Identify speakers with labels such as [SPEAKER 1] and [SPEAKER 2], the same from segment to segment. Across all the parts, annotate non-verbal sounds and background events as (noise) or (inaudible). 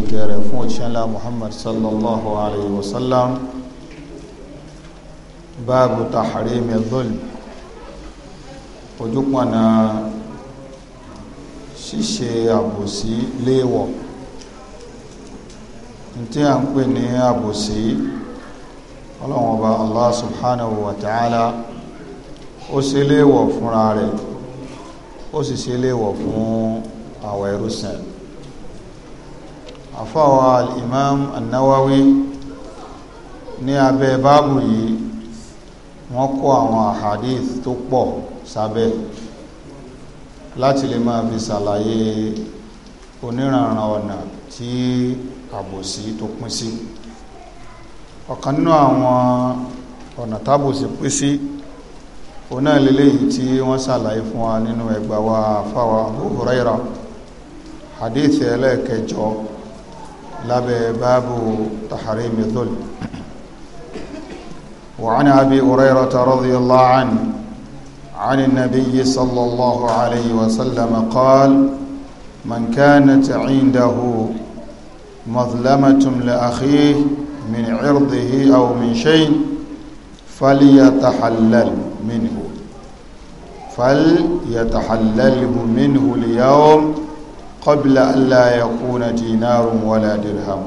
[SPEAKER 1] ìkẹrẹ fún òṣìṣẹ́lá Muhammad sallallahu alayhi wa sallam báàbù tahrimi zulm ojúpọ̀nà ṣíṣe àbòsí léèwọ̀ tí a ń pè ní àbòsí ọlọ́run ọba Allah subhanahu wa ta'ala ó ṣe léèwọ̀ fúnra rẹ̀ ó sì ṣe léèwọ̀ fún àwọn ẹrúsìn àfọwọ́ al-imam an-nawawi ní abẹ́ báàbù yìí wọ́n kó àwọn ahadith tó pọ̀ sábẹ́ láti lè máa fi ṣàlàyé oníranran ọ̀nà tí àbòsí tó pín sí ọ̀kan nínú àwọn ọ̀nà tábòsí pín sí oná lélẹ́yìí tí wọ́n ṣàlàyé fún wa nínú ẹgbàá wa fáwa hadith ẹlẹ́ẹ̀kẹjọ لابي باب تحريم الذل وعن أبي هريرة رضي الله عنه عن النبي صلى الله عليه وسلم قال من كانت عنده مظلمة لأخيه من عرضه أو من شيء فليتحلل منه فليتحلله منه ليوم قبل أن لا يكون دينار ولا درهم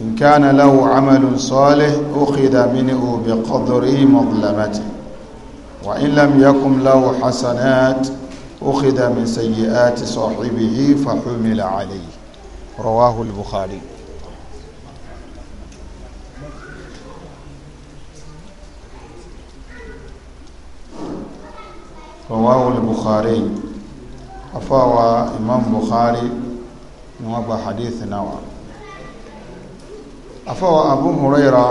[SPEAKER 1] إن كان له عمل صالح أخذ منه بقدر مظلمته وإن لم يكن له حسنات أخذ من سيئات صاحبه فحمل عليه رواه البخاري رواه البخاري afáwa imam bukhari ni wọ́n gba hadith náà wá afáwa abu huraira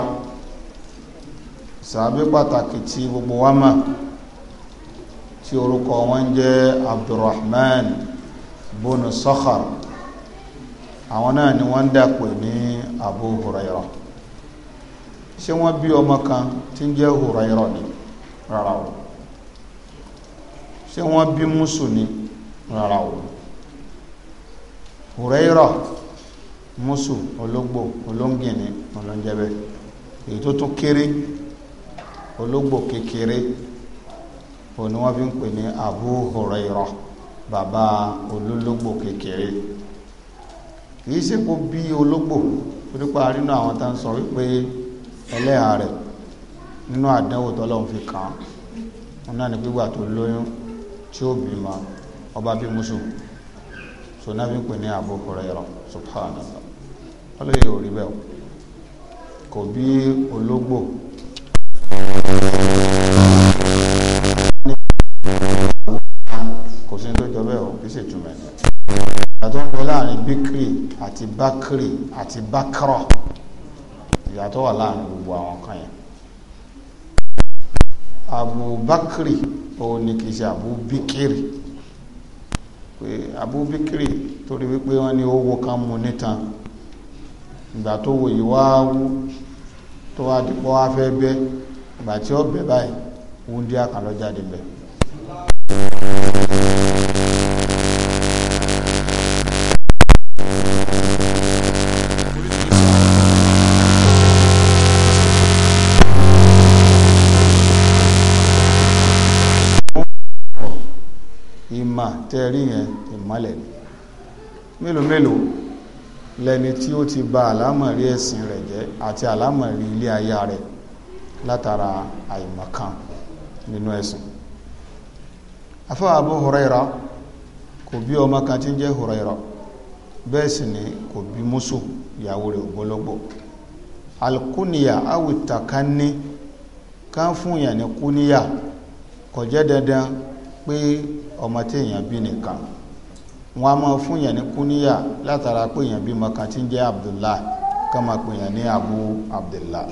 [SPEAKER 1] sàbí pàtàkì tí gbogbo wa mọ̀ tí orúkọ wọn jẹ́ abdulrahman bunu sakhar àwọn náà ni wọ́n dàpọ̀ ní abu huraira ṣé wọ́n bí ọmọ kan tí ń jẹ́ huraira ni rárá o ṣé wọ́n bí musu ni rárá o hùrẹ́rọ̀ mùsù ológbò olóńgìní olóńjẹ́bẹ́ èyí tó tún kéré ológbò kékeré òun ni wọ́n fi ń pè ní Abu Hurairah bàbá olólógbò kékeré kìí ṣe kó bí ológbò nípa nínú àwọn tá ń sọ wípé ẹlẹ́hà rẹ̀ nínú àdánwò tọ́lọ́run fi kàn án náà ni gbígbà tó lóyún tí ó bímọ ọba bí musu sonabi pè ní Abu Hurairah subhanallah ọlọ́yẹ̀ ò rí bẹ́ẹ̀ kò bí ológbò kò sí tó jọ bẹ́ẹ̀ o kì í ṣe jùmọ̀ ẹ̀ ìyàtọ̀ ń bẹ láàrin bíkìrì àti bákìrì àti bákìrọ̀ ìyàtọ̀ wà láàrin gbogbo àwọn kan yẹn Abu Bakri òun ni kì í ṣe Abu Bikiri pé abubakiri torí wípé wọ́n ní owó kan mú nítan ìgbà tó wò yìí wá wú tó wá dìpọ́ wá fẹ́ bẹ́ ìgbà tí ó bẹ̀ báyìí wúndíá kan lọ jáde tẹ́ yẹn ìmọ́lẹ̀ ni mélòó mélòó lẹni tí ó ti bà àlámọ̀rí ẹ̀sìn rẹ̀ jẹ́ àti àlámọ̀rí ilé ayé rẹ̀ látara àìmọ̀kan nínú ẹ̀sìn afọ́ Abu Huraira kò bí ọmọ kan tí ń jẹ́ Huraira bẹ́ẹ̀ sì ni kò bí mùsù ìyàwó rẹ̀ ògbólógbò alkúnìyà awìtàkánní ká fún yàn ní kúníyà dandan pé ọmọ tí èèyàn bí nìkan wọn a máa fún yàn ní kúníyà látara pé èèyàn bí kan tí ń jẹ́ Abdullah ká máa pè ní Abu Abdullah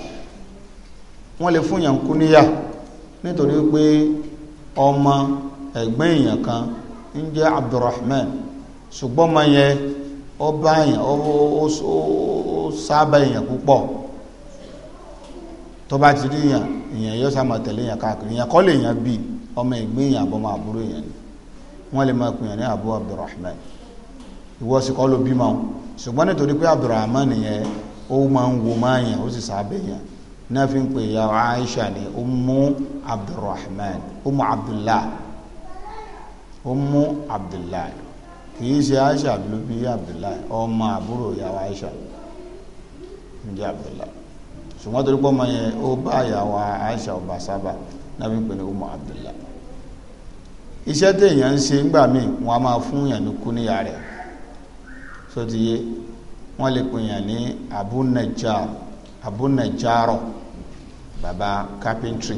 [SPEAKER 1] wọn lè fún yàn kúníyà nítorí pé ọmọ ẹ̀gbọ́n èèyàn kan ń jẹ́ Abdulrahman ṣùgbọ́n ọmọ yẹn ó bá ó sábà tó bá ti rí yóò káàkiri kọ́ lè ọmọ ìgbéyàn àbọ̀mọ àbúrò yẹn ni wọ́n lè máa pèèyàn ní Abu Abdurrahman ìwọ sì kọ́ ló bímọ ṣùgbọ́n nítorí pé Abdurrahman yẹn ó máa ń wo máa yẹn ó sì sábẹ́ yẹn náà fi ń pè ya Aisha ní Ummu Abdurrahman Ummu Abdullah Ummu Abdullah kìí ṣe Aisha ló bí Abdullah ọmọ àbúrò ìyàwó Aisha ń jẹ́ Abdullah ṣùgbọ́n torí pé ọmọ yẹn ó bá ìyàwó Aisha ọba sábà náà fi ń pè ní Ummu Abdullah iṣẹ́ téèyàn ń ṣe ńgbà míì wọn a máa fún yàn ní níyà rẹ̀ sotiye wọn lè pè ní abunajar abunajaro baba carpentry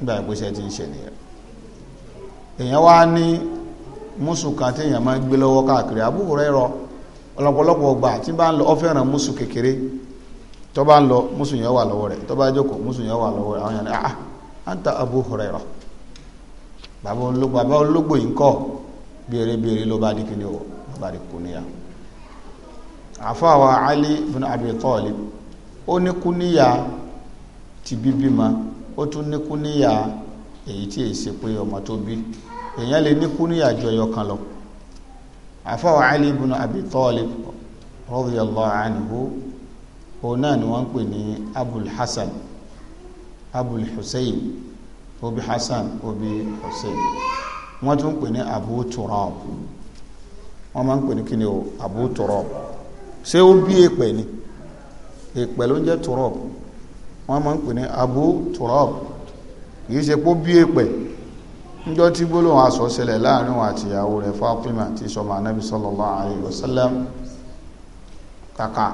[SPEAKER 1] ńgbà tí ń ṣe nìyẹn èèyàn wá ní musu kan téèyàn máa ń gbé lọ́wọ́ káàkiri ọgbà tí bá ń lọ kékeré bá ń lọ yẹn wà lọ́wọ́ rẹ̀ bá jókòó yẹn wà lọ́wọ́ rẹ̀ àwọn yẹn bàbá ológbò bàbá ológbò yìí ń kọ́ bèrè bèrè ló bá di kí ni o ló bá di kúníyà àfáwà Ali bin Abi Talib ó ní ti bíbí ma ó tún ní èyí tí èyí ṣe pé ọmọ tó bí èyàn lè ní kúníyà ju ẹyọ kan lọ àfáwà Ali bin Abi Talib òun náà ni wọ́n Abul Hasan Abul Hussein obi Hasan obi Hussein wọn tún pè ní Abu Turab wọn máa ń pè ní kí ni o Abu Turab ṣé ó bí èpẹ̀ ni èpẹ̀ ló ń Turab wọn máa ń pè Abu Turab kìí ṣe pó bí èpẹ̀ tí gbólóhùn aṣọ láàrin wọn àti ìyàwó sọmọ sallallahu wasallam kàkà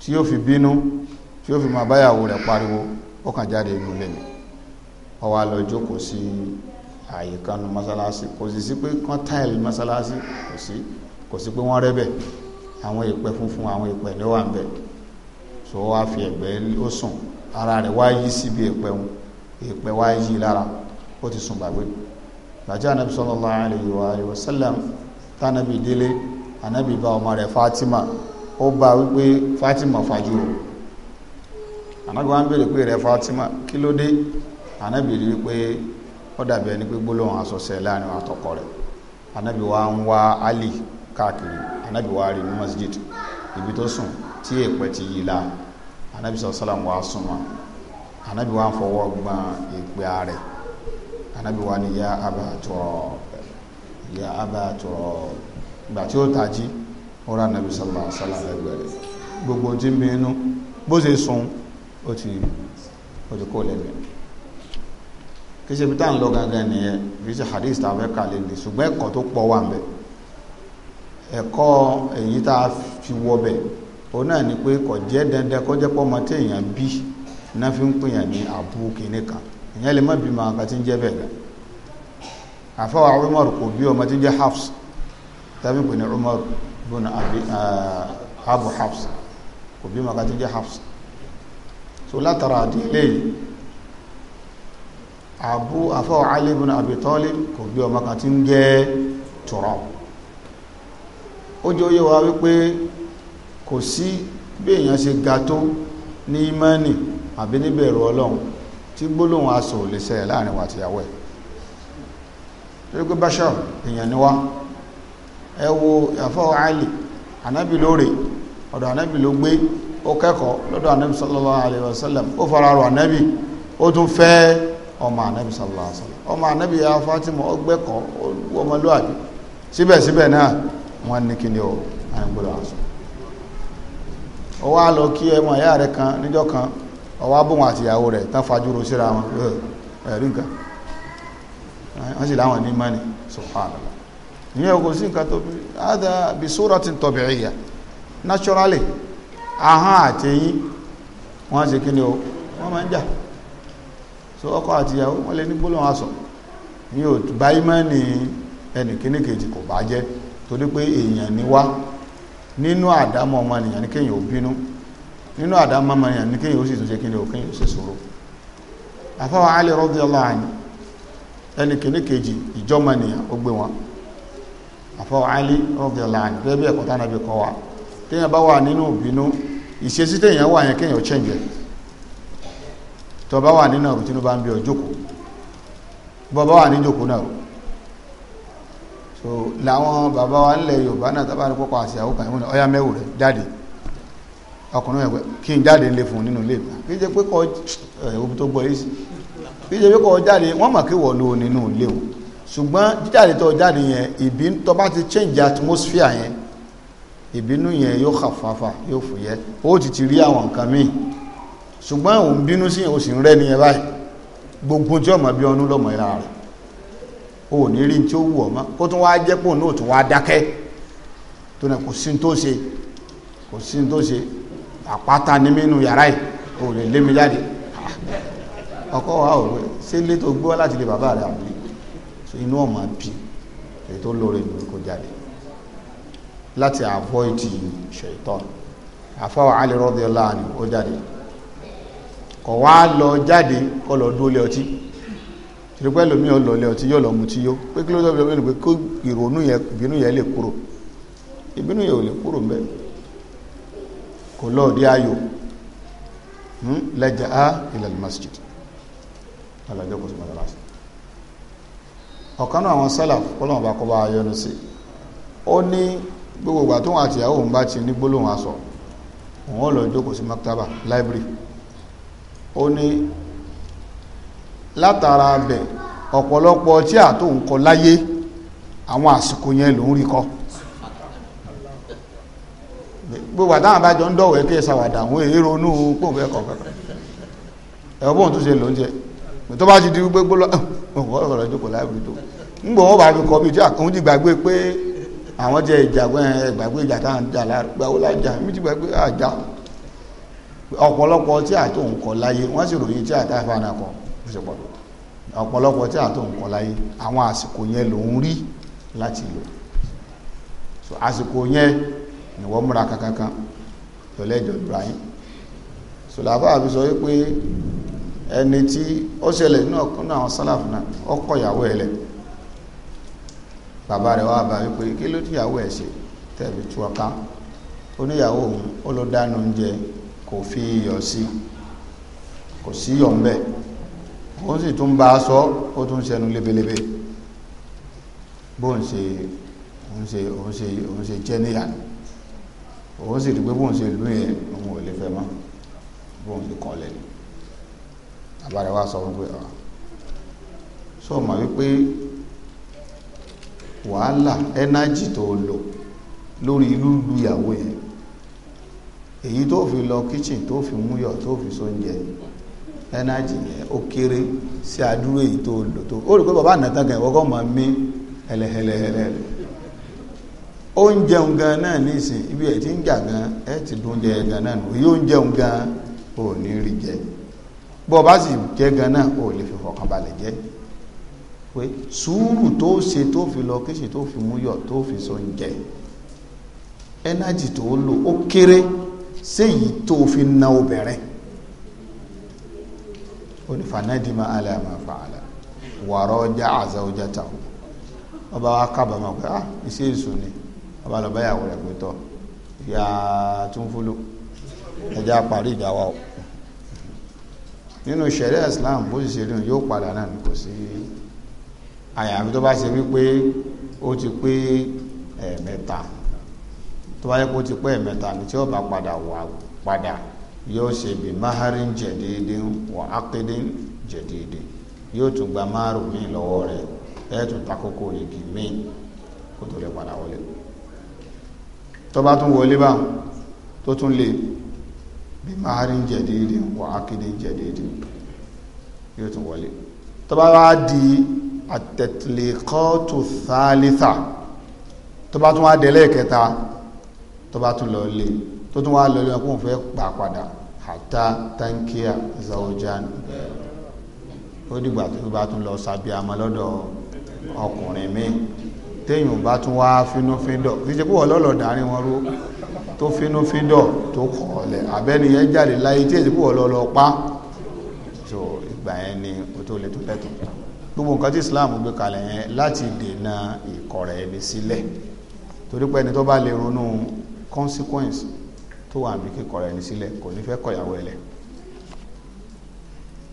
[SPEAKER 1] tí yóò ó wá lọ jókòó sí ààyè kan nu mọ́sálásí kò sì sí pé kán táìlì mọ́sálásí kò sí kò sí pé wọ́n rẹ́bẹ̀ àwọn ìpẹ́ funfun àwọn ìpẹ́ ní wà ń bẹ̀ so wá fi ẹ̀gbẹ́ ó sùn ara rẹ̀ wá yí síbi ìpẹ́ wọn ìpẹ́ wá yí lára ó ti sùn gbàgbé gbàjá anabi sallallahu alayhi wa alayhi wa tánàbì délé anabi bá ọmọ rẹ̀ Fatima ó bá wípé Fatima fajú o anabi wa ń béèrè pé rẹ̀ Fatima kí ló dé anabi rí wípé ó dàbí ẹni pé gbólóhùn asọ̀sẹ̀ láàrin àtọkọ rẹ̀ anabi wa ń wá ali káàkiri anabi wa rí ní masjid ibi tó sùn tí èèpẹ̀ ti yí la anabi sọ wa súnmọ́ anabi wa ń fọwọ́ gbọ́n èèpẹ̀ anabi wa ni ya aba tọrọ ya aba tí ó tají ó rà anabi gbogbo tí ń bínú bó ṣe sùn ó ti kó lẹ́gbẹ̀ẹ́. kì í ṣe bí táwọn lọ gangan nìyẹn kì í ṣe hadith tàbí ẹ̀ka ní ṣùgbọ́n ẹ̀kọ́ tó pọ̀ wà ńbẹ̀ ẹ̀kọ́ èyí tá a fi wọ bẹ̀ ó náà ni pé kò jẹ́ dandan kó jẹ́ pọ́ ọmọ tí èèyàn bí náà fi ń pèèyàn ní àbú kìíní kan èèyàn lè má bí ma nǹkan tí ń jẹ́ bẹ́ẹ̀ gan àfọwọ́ àwọn kò bí ọmọ tí ń jẹ́ Hafs tàbí pè ní Abu Hafs kò bí ma tí ń jẹ́ Hafs so látara àbú àfọ́ Ali ibn Abi Talib kò bí ọmọ kan tí ń jẹ́ Turab ó jẹ́ oyé wa wípé kò sí bí èèyàn ṣe ga tó ní imani àbí níbẹ̀rù ọlọ́run tí gbólóhùn aṣọ lè ṣẹlẹ̀ láàrin wa àti ìyàwó ẹ̀ bashar èèyàn ni wá ẹ wo àfọ́ Ali anábì lóore ọ̀dọ̀ anábì ló gbé ó kẹ́kọ̀ọ́ lọ́dọ̀ anábì sallallahu alaihi wasallam ó fara rọ anábì ó tún fẹ́ẹ́ ọmọ anabi sallallahu ọ ọmọ anabi ya fatima ọgbẹkọ ọmọlúwàbí síbẹ̀síbẹ̀ náà wọ́n ní kí ni ó àyàngbọ́dọ̀ àṣọ ó wá lọ kí ẹmọ ìyá kan níjọ́ kan ó wá àti ìyàwó rẹ̀ tán fajúro síra wọn ẹ̀rí nǹkan wọ́n sì láwọn ní mọ́ni ìyẹn kò sí nǹkan tó bí bi naturally ahọ́n wọ́n kí ni ó wọ́n máa ń jà so ọkọ àtìyàwó wọ́n lè ní gbólóhùn asọ̀ ní òtùbá ìmọ̀ni ẹnì kíní kejì kò bá jẹ́ torí pé èèyàn ni wá nínú àdámọ́ ọmọnìyàn ní kéèyàn ò bínú nínú àdámọ́ ọmọnìyàn ní kéèyàn ó sì tún ṣe kíni sì alẹ́ ẹnì kíní kejì ó gbé wọn alẹ́ wa téèyàn bá wà nínú ìbínú ìṣesí téèyàn wà yẹn ó tó bá wà nínú ọ̀rùn tínú bá ń bí ọ bọ́ bá wà ní jókòó náà so làwọn bàbá wa ńlẹ̀ yorùbá náà tábà ní pọ́pọ́ àṣà àwọn kan ìwọ̀n ọ̀yá mẹ́wù rẹ̀ jáde ọkùnrin ẹ̀gbẹ́ kí n jáde ńlẹ̀ fún nínú ilé ìgbà kí jẹ́ pé kọ́ ẹ̀wọ̀n tó gbọ́ yìí sí kí jẹ́ pé kọ́ jáde wọ́n mọ̀ kí wọ́n lo nínú ilé o ṣùgbọ́n jíjáde tó jáde yẹn ìbí tó bá ti change atmosphere yẹn ìbínú yẹn yóò hàfàfà yóò fòyẹ́ ó ti ti rí àwọn nǹkan míì ṣùgbọ́n òun bínú sí òsì ń rẹ́ ní ẹ báyìí gbogbo tí ọmọ bí ọnú lọ́mọ ìlà rẹ̀ o ní rí tí ó wù ọmọ kó tún wá jẹ́ pò náà tún wá dákẹ́ tó náà kò sí tó ṣe kò sí tó ṣe àpáta ní mínú yàrá yìí o lè lé mi jáde ọkọ wa ò rẹ ṣé ilé tó gbé wá láti lè bàbá rẹ àbúlé so inú ọmọ bí èyí tó lóore ìlú kò jáde láti avoid ṣètọ́ àfọwọ́ Ali radiyallahu anhu ó jáde kọ̀ wá lọ jáde kọ́ lọ dúró lé ọtí tìrìpẹ́ lómi ọ̀ lọ lé ọtí yóò lọ mu tí yó pé kí ló dọ́ bíi pé kó ìrònú yẹn ìbínú yẹn lè kúrò ìbínú yẹn ò lè kúrò mbẹ́ kò lọ́ọ̀dí ayò hmm? lẹ́jà á ilẹ̀ masjid alájọ́ kò sí mọ́tàlá sí ọ̀kan náà àwọn sálà kọ́lọ́mù bá kọ́ bá yọnu sí ó ní gbogbo ìgbà tóun àtìyàwó òun bá ti ní gbólóhùn aṣọ òun ó lọ jókòó sí maktaba library ó ní látara bẹ̀ ọ̀pọ̀lọpọ̀ tí à tó ń kọ láyé àwọn àsìkò yẹn ló ń rí kọ́ gbogbo àtàwọn àbájọ ń dọ̀wẹ́ kí ẹ ṣàwàdà àwọn èyí ronú pòǹfẹ́ kọ̀ọ̀kan ẹ̀wọ̀n tó ṣe ló ń jẹ tó bá ti di gbogbo ọ̀rọ̀ ìjókòó láìpẹ́ tó ń gbọ́ wọn bá fi kọ́ bí tí àkóhun ti gbàgbé pé àwọn jẹ ìjàgbọ́n ẹgbàgbé ìjà táwọn jà láàrú gbàwó lájà mí ti gbàgbé àjà ọ̀pọ̀lọpọ̀ tí àtò ń kọ láyé wọ́n sì ròyìn tí àtà ìfànà kọ ọ̀pọ̀lọpọ̀ tí àtò ń kọ láyé àwọn àsìkò yẹn ló ń rí láti lò àsìkò yẹn ni wọ́n múra kankankan lọ́lẹ́jọ́ ibrahim so àbí sọ wípé ẹni tí ó ṣẹlẹ̀ àwọn sálàfù náà ìyàwó lẹ̀ bàbá rẹ̀ wá bá wípé kí ló ẹ̀ ṣe tú oníyàwó òun ó kò fi iyọ̀ sí kò sí iyọ̀ ń bẹ̀ ó sì tún bá a sọ ó tún ṣẹnu lebelebe bó ń ṣe òun ṣe òun ṣe òun ṣe jẹ́ níyàní òun sì rí pé bóun ṣe lú yẹn òun ò lè fẹ́ mọ́ bóun ṣe kàn lẹ́nu àbára wa sọ wípé ọ̀ sọ ma wípé wàhálà ẹnájì tó lò lórí lúlu ìyàwó yẹn èyí tó fi lọ kitchen tó fi múyọ̀ tó fi sóúnjẹ ẹnájì yẹn ó kéré sí àdúró èyí tó lò tó ó rí pé bàbá ànàtàn kan ìwọ́kọ́ máa mí ẹlẹ́hẹlẹ́hẹlẹ́ oúnjẹun gan náà nísìn ibi ẹ̀ tí ń jà gan ẹ̀ ti dúnjẹ gan náà nù yóò ń jẹun gan ò ní rí jẹ bọ́ bá sì jẹ́ gan náà ò lè fi fọkàn balẹ̀ jẹ́ pé sùúrù tó ṣe tó fi lọ kíṣì tó fi múyọ̀ tó fi so ń jẹ ẹnájì tó lò ó kéré séyìí tó fi na obìnrin onífànádìmá aláàmà fàálà wàrọ̀ ọjà àzà ọjà tàwọn ọba wa kábàámọ̀ pé ah iṣẹ́ èso ni ọba lọ báyàwó rẹ̀ pé tọ́ ìyá túnfúlò ẹjẹ́ àparí ìjà wa o nínú ṣẹ̀ríà Islam bó sì ṣe rí yóò padà náà kò sí àyàfi tó bá ṣe wípé ó ti pé ẹ̀ẹ̀mẹ́ta tó bá kó ti pẹ́ ẹ̀mẹ́ta ní tí ó bá padà wà padà yóò ṣe bí maharin jẹ̀dídín wà ákédín jẹ̀dídín yóò gba máàrù míì lọ́wọ́ rẹ̀ ẹ̀ tún takoko igi míì kó tó lè padà wọlé tó bá tún wọlé báwọn tó tún lè bí jẹ̀dídín jẹ̀dídín yóò tún wọlé tó bá di tó tó bá tún wá tó bá tún lọ lé tó tún wá lọ lé wọn kó wọn fẹ́ pa padà àtà tankia zaojan ó dìgbà tó bá tún lọ sàbí àmọ́ lọ́dọ̀ ọkùnrin mi téèyàn bá tún wá fínúfíndọ̀ kìí ṣe pé wọ́n lọ́lọ́ dárin wọn ró tó fínúfíndọ̀ tó kọ̀ọ̀lẹ̀ abẹ́niyẹn jáde láyé tí èsì pé wọ́n lọ́lọ́ pa so ìgbà yẹn ni o tó le tó lẹ́tọ̀ gbogbo nǹkan tí Islam gbé kalẹ̀ yẹn láti dènà ìkọ̀rẹ̀ ẹni sílẹ̀ torí pé ẹni tó bá lè ronú consequence tó wà níbi kíkọ rẹ̀ ní sílẹ̀ kò ní fẹ́ kọ ìyàwó rẹ̀ lẹ̀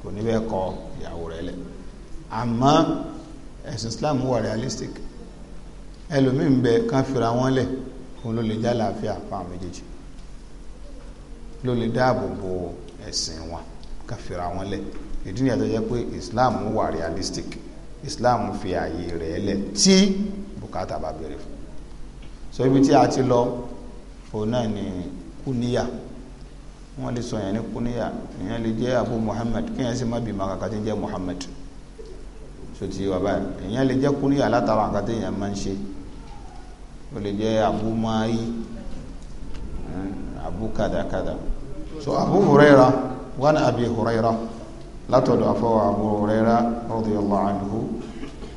[SPEAKER 1] kò ní fẹ́ kọ ìyàwó rẹ̀ lẹ̀ àmọ́ ẹ̀sìn Islam wà realistic
[SPEAKER 2] ẹlòmíì ń bẹ kán fira wọn lẹ̀
[SPEAKER 1] òun ló lè já làáfíà fáwọn méjèèjì ló lè dáàbò bo ẹ̀sìn wọn kán fira wọn lẹ̀ ìdí nìyà tó pé Islam wà realistic Islam fi ààyè rẹ̀ lẹ̀ tí bùkátà bá bẹ̀rẹ̀ fún so ibi tí a ti lọ òun náà ní kúníyà wọ́n lè sọ yẹn ní kúníyà ìyẹn lè jẹ́ abu muhammad kí yẹn sì má bímọ kàkà tí ń jẹ́ muhammad sotí wà báyìí ìyẹn lè jẹ́ kúníyà látara kàkà tí yẹn máa ń ṣe ó lè jẹ́ abu maayi hmm, abu kadakada so abu huraira wọn abi huraira látọ̀dọ̀ afọwọ́ abu huraira radiyallahu anhu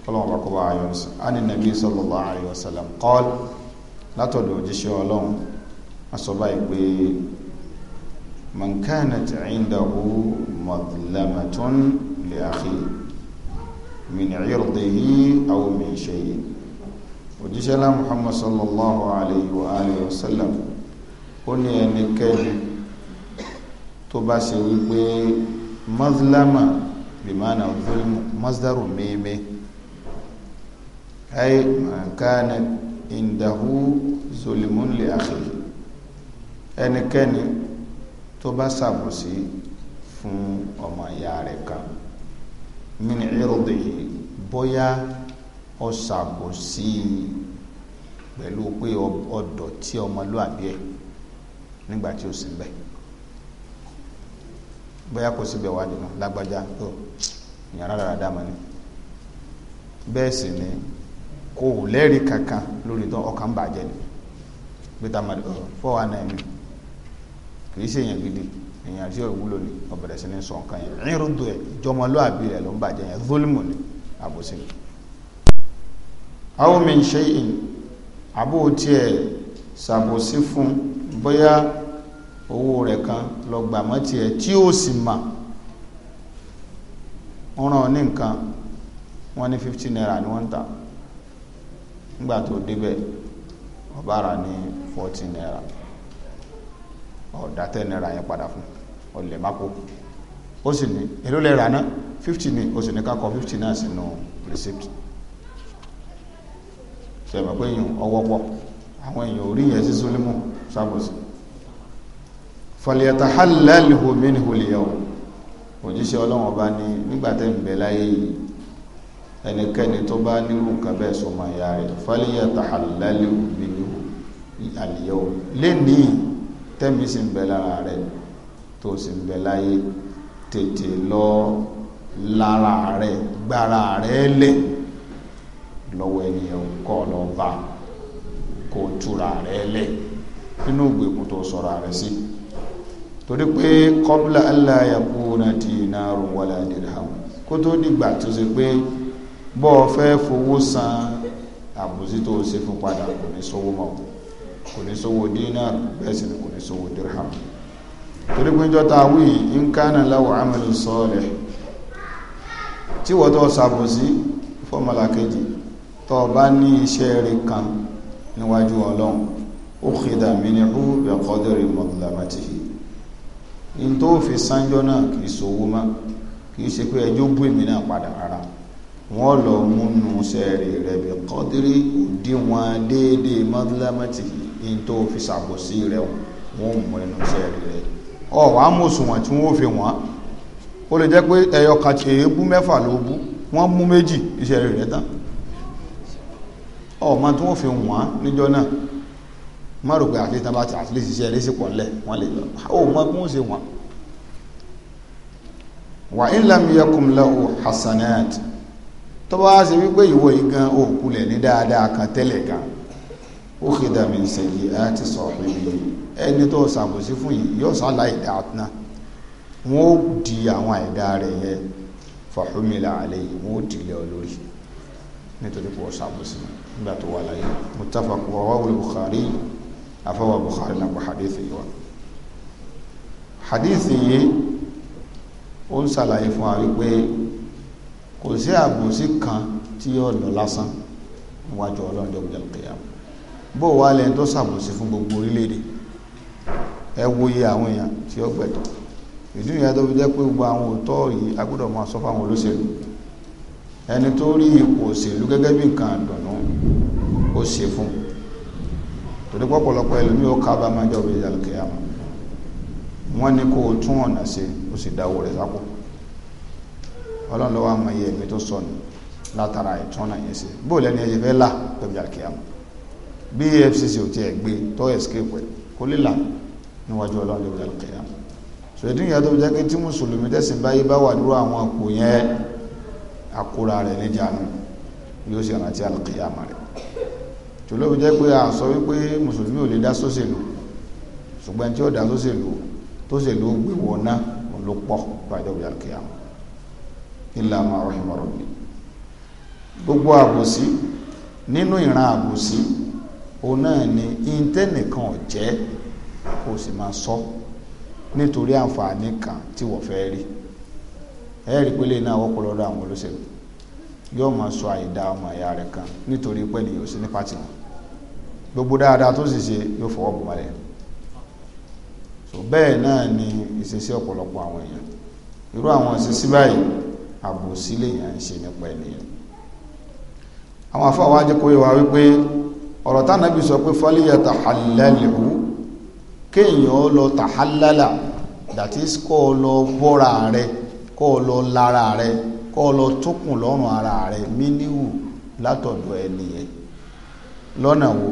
[SPEAKER 1] kọlọ́wọ́n bá kọ́ bá ani nabi sallallahu alayhi wa sallam qala látọ̀dọ̀ òjíṣẹ́ ọlọ́run asọ́bá yìí pé man kanat indahu madlamatun li akhi min irdihi aw min shay òjíṣẹ́ lá muhammad sallallahu alayhi wa alihi wa sallam ó ní ẹnikẹ́ni tó bá ṣe wípé mazlama bimana zulmu masdaru meme ay man kanat zulmun li akhi ẹnikẹni tó bá ṣàbòsí fún ọmọ ìyá rẹ kan min irdihi bóyá ó ṣàbòsí ọ pé ọ̀dọ̀ tí ọmọlúwàbí ẹ̀ nígbà tí ó sì bẹ̀ bóyá kò síbẹ̀ wá dùnú lágbájá tó ìyàrá ni bẹ́ẹ̀ sì ni kò lẹ́rìí kankan lórí tó ọkàn ni bí tá a máa dùn fọ́ kìí ṣe èèyàn gidi èèyàn tí ò ni ó bẹ̀rẹ̀ sí ní sọ nǹkan yẹn ìrúdò ẹ̀ ìjọmọlúàbí rẹ̀ ló ń bàjẹ́ yẹn zolimu ni àbòsí ni. àwọn min shay'in àbò tiẹ̀ ṣàbòsí fún bóyá owó rẹ̀ kan lọ gbà mọ́ tiẹ̀ tí ó sì mà ń ràn ní nǹkan wọ́n ní fifty naira ni wọ́n ń tà nígbà tó débẹ̀ ọba rà ní fourteen naira ọ̀dà tẹ́ náírà yẹn padà fún ọ̀lẹ̀ má kó ó sì ní èló lè rà náà fifty ní ó sì ní ká kọ fifty náà sínú receipt sẹ̀mọ̀ pé èèyàn ọwọ́ pọ̀ àwọn èèyàn orí yẹn sí sulimu sábòsì fọlẹ́ta halal homin holiyah òjíṣẹ́ ọlọ́wọ́n bá ní nígbàtẹ́ ń bẹ láyé yìí ẹnikẹ́ni tó bá nírú nǹkan bẹ́ẹ̀ sọmọ ìyá rẹ̀ fọlẹ́ta halal homin holiyah lẹ́nìí tẹ́mi sì ń bẹ lára rẹ tó sì ń bẹ láyé tètè lọ lára rẹ gbára rẹ lẹ̀ lọ́wọ́ ènìyàn kọ́ lọ bá túra rẹ lẹ̀ nínú ìgbèkùn tó sọ̀rọ̀ rẹ sí torí pé kọ́bílà aláyàkú náà ti náà rùn wọlé dirham kó tó dìgbà tó ṣe pé bọ́ọ̀ fẹ́ fowó san àbòsí tó ṣe fún padà kò ní sówó mọ́ kò ní sówó dinar bẹ́ẹ̀ sì ni kò ní sówó dirham torí pé jọ ta wí in kana lahu amalun salih tí wọ́n tó sàbòsí fọ́mọlá kejì tó bá ní iṣẹ́ rẹ̀ kan níwájú ọlọ́run ukhida minhu bi qadri madlamatihi in tó fi sánjọ́ náà kìí sówó má kìí ṣe pé ẹjọ́ bú èmi náà padà rárá wọ́n lọ múnú iṣẹ́ rẹ̀ rẹ̀ bi qadri òdiwọ̀n déédéé madlamatihi in tó fi ṣàbòsí rẹ̀ wọ́n mú ẹnu iṣẹ́ rẹ̀ ọ wà á mọ̀sùnwọ̀n tí wọ́n fi wọ́n ó lè jẹ́ pé ẹyọ kàtí èébú mẹ́fà ló bú wọ́n mú méjì iṣẹ́ rẹ̀ tán ọmọ tí wọ́n fi wọ́n níjọ́ náà má rò pé àti tábà àti lè ṣiṣẹ́ lè sì pọ̀ lẹ̀ wọ́n lè lọ ó mọ kí wọ́n ṣe wọ́n. wà in lam yakun lahu hasanat tó bá ṣe wípé ìwọ yìí gan òkulẹ̀ ní dáadáa kan tẹ́lẹ̀ gan ó kéde àmì ìsẹ̀yìn ẹ̀ ti sọ̀rọ̀ níbi ẹni tó ṣàbòsí fún yìí yóò sálà ìdá àtúná wọn ó di àwọn àìdá rẹ̀ yẹ fàhùmìlà àlẹ́ yìí wọn ó dìlẹ̀ olórí nítorí pé ó ṣàbòsí nígbà tó wà láyé mutafakù wàwáwò Bukhari afọwà Bukhari nàkó hadith yìí wa hadith yìí ó ń ṣàlàyé fún wa wípé kò sí àbòsí kan tí yóò lọ lásán níwájú ọlọ́run jọ̀gbọ̀jọ̀ kìyàmù bó wà lẹ́yìn tó ṣàbòsí fún gbogbo orílẹ̀-èdè ẹ wo iye àwọn èèyàn tí ó gbẹ̀tọ̀ ìdí ìyá tó fi jẹ́ pé gbogbo àwọn òótọ́ yìí a gbọ́dọ̀ máa sọ fáwọn olóṣèlú ẹni tó rí ipò òṣèlú gẹ́gẹ́ bí nǹkan àdùnnú ó ṣe fún torí pọ̀pọ̀lọpọ̀ ẹlòmíì ó kábàámọ̀ jọ bí ìjàlùkẹ́ àmọ́ wọ́n ní kó o tún ọ̀nà ṣe ó sì dáwọ́ rẹ̀ sápò ọlọ́run lọ́wọ́ àmọ́ iye ẹ̀mí tó sọnù látara ìtúnà yẹn ṣe bóòlù ẹni ẹ̀yẹ fẹ́ là pẹ̀lú ìjàlùkẹ́ àmọ́ bí efcc ò tiẹ̀ gbé tó escape ẹ̀ kó lè là níwájú ọlọ́run lè wọlé kẹyà sọ ìdí ìyá tó fi jẹ́ pé tí mùsùlùmí tẹ̀sìn báyé bá wà dúró àwọn àpò yẹn àkóra rẹ̀ níjànú yóò sì rántí alùkìyàmà rẹ̀ tó jẹ́ pé à sọ wípé mùsùlùmí ò lè dá sóṣèlú ṣùgbọ́n tí ó dá sóṣèlú tóṣèlú gbé wọn ló pọ̀ bàjẹ́ òjò alùkìyàmà illa ma rahima rabbi gbogbo àbòsí nínú ìran àbòsí òun náà ni ìńtẹ́nìkan ọ̀jẹ́ kò sì máa sọ nítorí àǹfààní kan tí wọ́n fẹ́ rí ẹ̀rí pélé náà wọ́pọ̀ lọ́dọ̀ àwọn olóṣèlú yóò máa sọ àìdá ọmọ ìyá rẹ̀ kan nítorí pẹ́lú yóò sí ní pàtì wọn gbogbo dáadáa tó sì ṣe yóò fọwọ́ bù wálẹ̀ so bẹ́ẹ̀ náà ni ìṣesí ọ̀pọ̀lọpọ̀ àwọn èèyàn irú àwọn ìṣesí báyìí àbòsí lèèyàn ń ṣe nípa ènìyàn àwọn afọ àwọn ajẹkọ̀ọ́ wá wípé ọ̀rọ̀ tánàbí sọ pé fọ́líyà tàhálàlìhù kéèyàn lọ tàhálàlà that dati kọ́ lọ bọ́ra rẹ kọ́ lọ lára rẹ kọ́ lọ tókùn lọ́rùn ara rẹ míníwù látọ̀dọ̀ ẹnìyẹn lọ́nà wo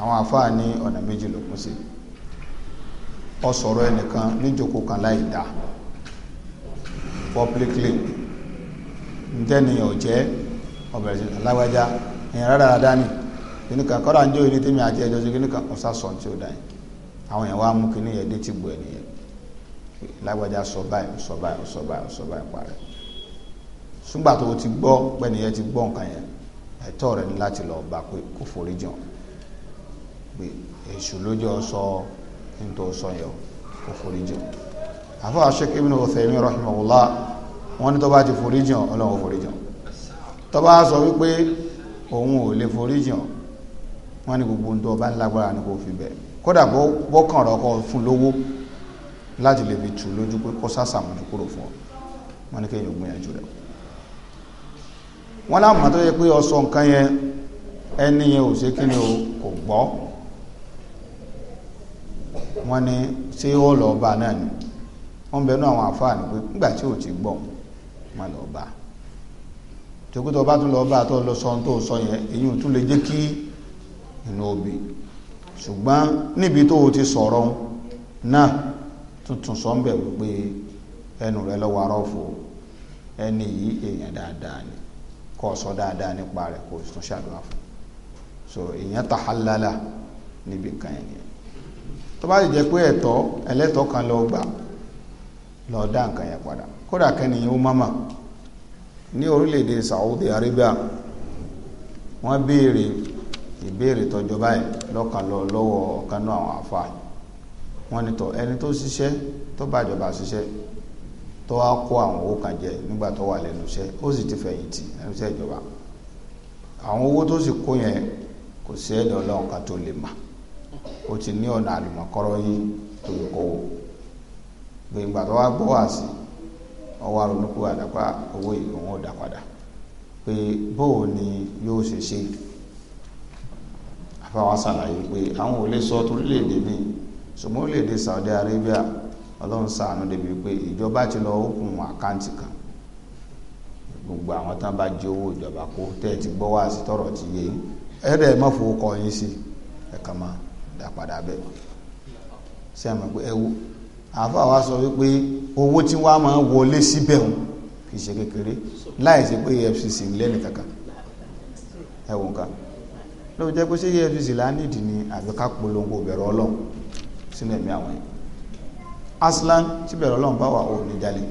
[SPEAKER 1] àwọn àfáà ní ọ̀nà méjì ló kún sí ọ sọ̀rọ̀ ẹnìkan kan láì dá publicly ntẹ́niyàn jẹ́ ọ̀bẹ̀rẹ̀ alágbájá ẹ̀yìn rárá dáa kíní kan kọ́ra ń jó ìní tèmi àti ẹjọ́ sí kíní kan kò sá sọ̀ tí ó dá yẹn àwọn èèyàn wá mú kíní yẹn dé ti bu ẹnìyẹn lágbájá sọ báyìí sọ báyìí sọ báyìí sọ báyìí parí ṣùgbà tó o ti gbọ́ pẹ́nìyẹn ti gbọ́ nǹkan yẹn ẹ̀tọ́ rẹ ni láti lọ bá pé kó forí jàn pé èṣù lójó sọ nítorí sọ yẹn kó forí jàn àfọ àṣekè Ibn Uthaymin rahimahullah wọn ní tó bá ti forí jàn Ọlọ́run forí jàn tó bá sọ wípé òun ò lè forí jàn wọ́n ní gbogbo ohun tó bá ń lágbára ni kò fi bẹ̀ kódà bọ́kàn rẹ̀ ọkọ̀ fún lówó láti lè fi tù lójú pé kó sàṣà mọ́jú kúrò fún ọ wọ́n ní kéèyàn gbìyànjú rẹ̀ wọ́n láwọn tó yẹ pé ọsọ nǹkan yẹn ẹni yẹn ò ṣe kíni o kò gbọ́ wọ́n ní ṣé ó lọ bá náà ni wọ́n bẹnu àwọn àfáàní pé nígbà tí ò ti gbọ́ wọn lọ bá tòkútọ̀ bá tún lọ bá tó lọ sọ ohun tó sọ yẹn èyí ò tún lè jẹ́ kí inú obì ṣùgbọ́n níbi tó o ti sọ̀rọ̀ náà tuntun sọ́ńbẹ̀ wípé ẹnu rẹ lọ́wọ́ arọ́ fò ẹni yìí èèyàn dáadáa ni kọ́ sọ dáadáa nípa rẹ̀ kò tún ṣàdúrà fún so èèyàn tàhálálà níbi nǹkan yẹn nìyẹn tó bá sì jẹ́ pé ẹ̀tọ́ ẹlẹ́tọ́ kan lọ gbà lọ dá nǹkan yẹn padà kódà kẹ́niyàn ó máma ní orílẹ̀-èdè Saudi Arabia wọ́n béèrè ìbéèrè tọjọ báyìí lọ́kàn lọ lọ́wọ́ ọ̀kan náà àwọn àfa wọn ni tọ ẹni tó ṣiṣẹ́ tó bàjọba ṣiṣẹ́ tó wá kó àwọn owó kan jẹ nígbà tó wà lẹ́nu iṣẹ́ ó sì ti fẹ̀yìntì lẹ́nu iṣẹ́ ìjọba àwọn owó tó sì kó yẹn kò sí kan tó ti ní yìí tó lè afọ sàlàyé pé àwọn ò lè sọ torílẹ̀-èdè mi sọmọ orílẹ̀-èdè Saudi Arabia ọlọ́run ṣàánú débi pé ìjọba ti lọ òkun àkáǹtì kan gbogbo àwọn tán bá jí owó ìjọba kó tẹ́ ẹ ti gbọ́ wá sí ti yé ẹ̀rẹ̀ mọ́ fowó kọ yín sí sọ wípé owó tí wàá máa wọlé síbẹ̀ kì í ṣe kékeré láì pé EFCC lẹ́nu kankan lóò jẹ́ pé ṣé efcc lánìdì ni àbí ká polongo bẹ̀rẹ̀ ọlọ́run sínú ẹ̀mí àwọn yẹn aslan tí bẹ̀rẹ̀ ọlọ́run bá wà òun ní jalè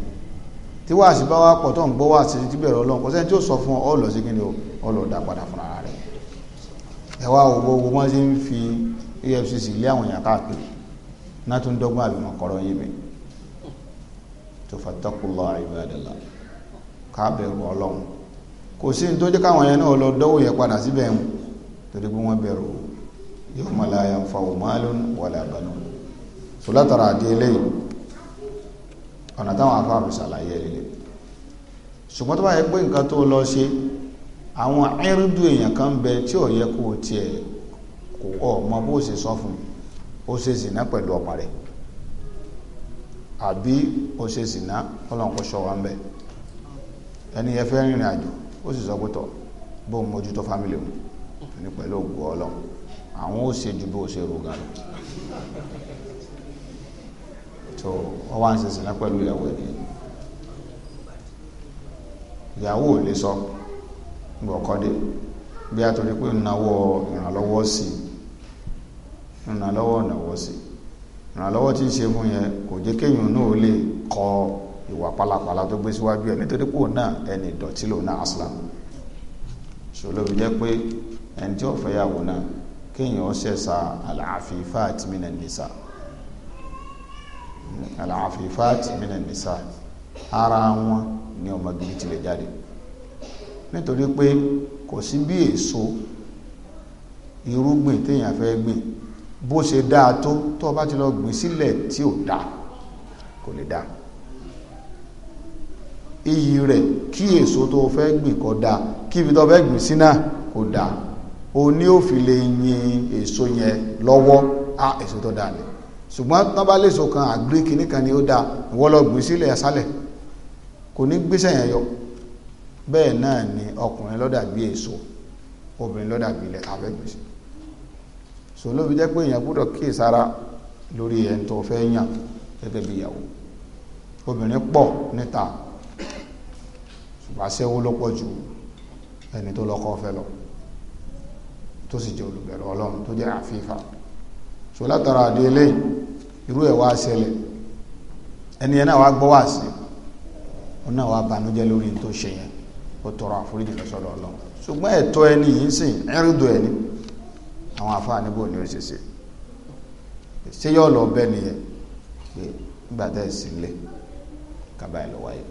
[SPEAKER 1] tí wàásù bá wà pọ̀ tó ń gbọ́ wàásù tí bẹ̀rẹ̀ ọlọ́run kò sẹ́ni tí ó sọ fún ọ ọ lọ sí kí ni ọ lọ dá padà fúnra rẹ̀ ẹ wá wo wọn ti ń fi efcc lé àwọn èèyàn káàkiri náà tó ń dọ́gbọ́n àbímọ kọ́rọ́ yé mi tó fàtàkùlọ àìbàdàlà káàbẹ̀rù ọlọ́run kò sí ní tó jẹ́ káwọn yẹn náà lọ dọ́wọ́ yẹn padà síbẹ̀ ń torí pé wọ́n bẹ̀rù yóò mọ̀ láyà ń fa òmálùn wàlà àbánú so látara àdé eléyìí ọ̀nà táwọn afáàfin ṣàlàyé líle ṣùgbọ́n tó bá yẹ pé nǹkan tó lọ ṣe àwọn ẹrúdù èèyàn kan bẹ tí ò yẹ kó tiẹ̀ kò ọmọ bó ṣe sọ fún ó ṣe zìnà pẹ̀lú ọmọ rẹ̀ àbí ó ṣe zìnà ọlọ́run kò ṣọ wa ń ẹni yẹn fẹ́ rìnrìn àjò ó sì sọ pé tọ̀ bó ń fámìlì òun ní pẹ̀lú ògùn ọlọ́run àwọn ó ṣe ju bó ṣe rò lọ tó ń pẹ̀lú ìyàwó ẹ̀ ìyàwó ò lè sọ gbọ̀kọ́dé bí a torí pé ìnáwó ìrànlọ́wọ́ sí ìrànlọ́wọ́ ìnáwó sí ìrànlọ́wọ́ tí ń ṣe fún yẹn kò jẹ́ kéèyàn náà lè kọ ìwà pálapàla tó gbé síwájú ẹ̀ nítorí náà ẹni ìdọ̀tí lòun náà aslam ṣòlóbi jẹ́ pé ẹni tí ó fẹ́ yàwó náà kéèyàn ó ṣẹ̀ṣà al-afifat minan nisa al-afifat minan nisa ara wọn ni ọmọ gidi ti lè jáde nítorí pé kò sí bí èso irúgbìn téèyàn fẹ́ gbìn bó ṣe dáa tó tó bá ti lọ gbìn sílẹ̀ tí ò dáa kò lè dáa iyì rẹ̀ kí èso tó fẹ́ gbìn kó dáa kí ibi tó fẹ́ gbìn sí náà kó dáa o ní ò fi lè yin èso yẹn lọ́wọ́ á èso tó dáa ni ṣùgbọ́n tán bá lè so kan àgbé kìíní kan ni ó dáa ìwọ́ lọ gbé sílẹ̀ asálẹ̀ kò ní gbéṣẹ́ yẹn yọ bẹ́ẹ̀ náà ni ọkùnrin lọ́dà bí èso obìnrin lọ́dà bí ilẹ̀ tàbí gbèsè so ló fi jẹ́ pé èèyàn gbọ́dọ̀ kíyè sára lórí ẹni tó fẹ́ yàn gẹ́gẹ́ bí ìyàwó obìnrin pọ̀ níta ṣùgbọ́n aṣẹ́wó ló pọ̀ ju ẹni tó lọ́kọ́ fẹ́ lọ tó sì jẹ́ olùbẹ̀rù ọlọ́run tó jẹ́ àfífà so látara àdé eléyìí irú ẹ̀ wá ṣẹlẹ̀ ẹni yẹn náà wá gbọ́ wá sí ọ náà wá banújẹ́ lórí tó ṣe yẹn ó tọrọ àforíjì lọ́sọ̀rọ̀ ọlọ́run ṣùgbọ́n ẹ̀tọ́ ẹni yìí sìn ẹ̀rùdù ẹni àwọn àfáà níbò ní òṣèṣe ṣé yóò lọ bẹ́ẹ̀ nìyẹn pé nígbà tẹ́ ẹ̀ sí lé kábàáyé lọ wáyé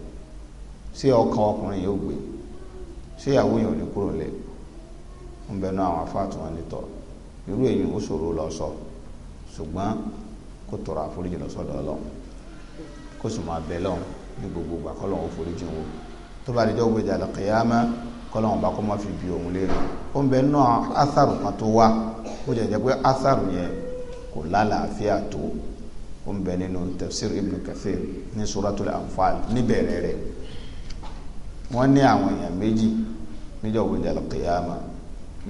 [SPEAKER 1] ṣé ọkàn ọkùnrin yóò gbé ṣé ìyàwó yẹn ò ní kúrò lẹ́yìn ń bẹnu àwọn afáàtì wọn nítọ irú èyàn ó ṣòro lọ sọ ṣùgbọ́n kó tọrọ àforíjì lọ sọ́dọ̀ Ọlọ́run kó sì máa bẹ lọ́run ní gbogbo ìgbà kọlọ́run ó foríjì wọn tó bá dijọ́ gbèjà lọ́kẹ́yàmá kọlọ́run bá kọ́ má fi bi òun léèrè ó ń bẹ náà átharu kan tó wá ó jẹ́ jẹ́ pé átharu yẹn kò lálàáfíà tó ó ń bẹ nínú tafsir ibn kathir ní suratul anfal níbẹ̀rẹ̀ rẹ̀ wọ́n ní àwọn èèyàn méjì níjọ́ gbèjà lọ́kẹ́yàmá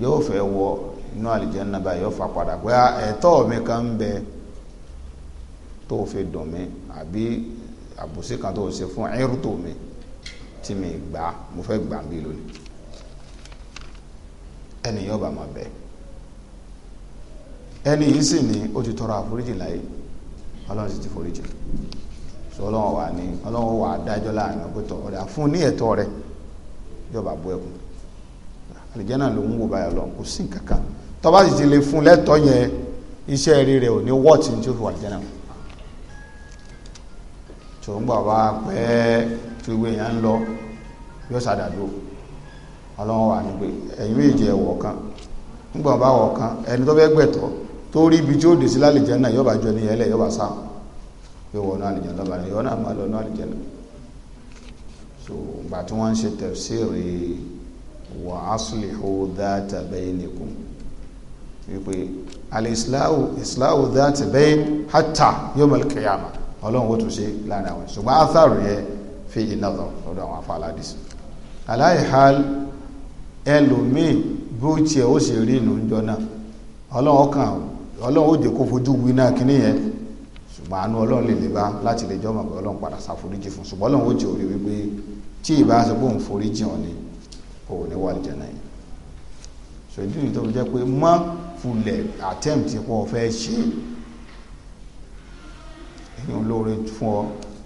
[SPEAKER 1] yóò fẹ́ wọ inú àlìjẹ́nà báyìí yóò fà padà pé ah, ẹ̀tọ́ mi kan ń bẹ tó fi dùn mí àbí àbòsí kan tó ṣe fún ẹrútò mi tí mi gbà mo fẹ́ gbà bí lónìí ẹni yóò bá máa bẹ ẹni yìí sì ni ó ti tọrọ àforíjì láyé ọlọ́run sì ti foríjì sọ wà ní ọlọ́run wà dájọ́ láàrin ọgbẹ́tọ̀ ọ̀dà fún ní ẹ̀tọ́ rẹ̀ yóò bá bọ́ ẹkùn àlìjẹ́nà ló ń wò báyà lọ kò sí nǹkan kan tọ́ba sì ti lè fún lẹ́tọ̀ọ́ yẹn iṣẹ́ rí rẹ̀ ò ní wọ́ọ̀tì tí ó fi wà àlìjẹ́nà tó ń gbà wá pẹ́ tí gbogbo èèyàn ń lọ yóò ṣàdàdo ọlọ́run wà nígbè ẹ̀yìn méje ẹ̀wọ̀ kan nígbà bá wọ̀ kan ẹni tó fẹ́ gbẹ̀tọ́ tó rí ibi tí ó dé sí lálìjẹ́nà yóò bá jọ ní ẹlẹ́ yóò bá sá yóò wọ̀ náà àlìjẹ́nà lọ́ba ni yóò náà máa lọ náà àlìjẹ́nà so ìgbà tí wọ́n ń ṣe tẹ̀síìrì wa aslihu dhata bainikum wípé alìsíláwò ìsíláwò dhata bain hatta yawm al-qiyamah ọlọ́run ó tún ṣe láàrin àwọn ṣùgbọ́n atharu yẹn fi an-nazar lọ́dọ̀ àwọn afáàládìsí aláìhal ẹlòmíì bó tiẹ̀ ó ṣe rí inú jọ náà ọlọ́run ọkàn ọlọ́run ó jẹ́ kó fojú wí náà kíní yẹn ṣùgbọ́n àánú ọlọ́run lè lè bá láti lè jọ́ mọ̀ pé ọlọ́run padà ṣàforíjì fún ṣùgbọ́n ọlọ́run ó jẹ́ orí wípé tí ìbá ṣe foríjì hàn ni òun ní wàlìjẹ náà yìí ṣòdí ìtọ́ fi jẹ́ pé má fulẹ̀ attempt pọ̀ fẹ́ ṣe èyí olóore fún ọ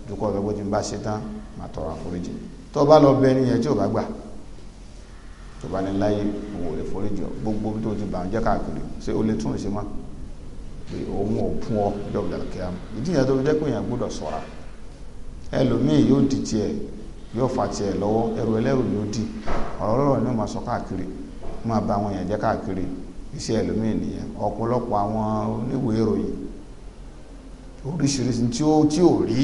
[SPEAKER 1] dúkọ́ ọ̀dọ́gbọ́n tí n bá ṣe tán má tọrọ àforíjì tó bá lọ bẹ ní yẹn tí ò bá gbà tó bá ní láyé òun ò lè foríjì ọ gbogbo tó ti bà ń jẹ́ káàkiri ṣé o lè tún ìṣe mọ́ pé òun ò fún ọ jọ̀gbọ̀dọ̀ kíá ìdí ìyẹn jẹ́ pé èèyàn gbọ́dọ̀ ṣọ́ra ẹlòmíì yóò di tiẹ̀ yóò fa tiẹ̀ lọ́wọ́ ẹrù ẹlẹ́rù ni ó dì ọ̀rọ̀ ọlọ́rọ̀ ni ó máa sọ káàkiri máa ba àwọn èèyàn jẹ́ káàkiri iṣẹ́ ẹlòmíì nìyẹn ọ̀pọ̀lọpọ̀ àwọn oníwèé ìròyìn oríṣiríṣi tí ó tí ò rí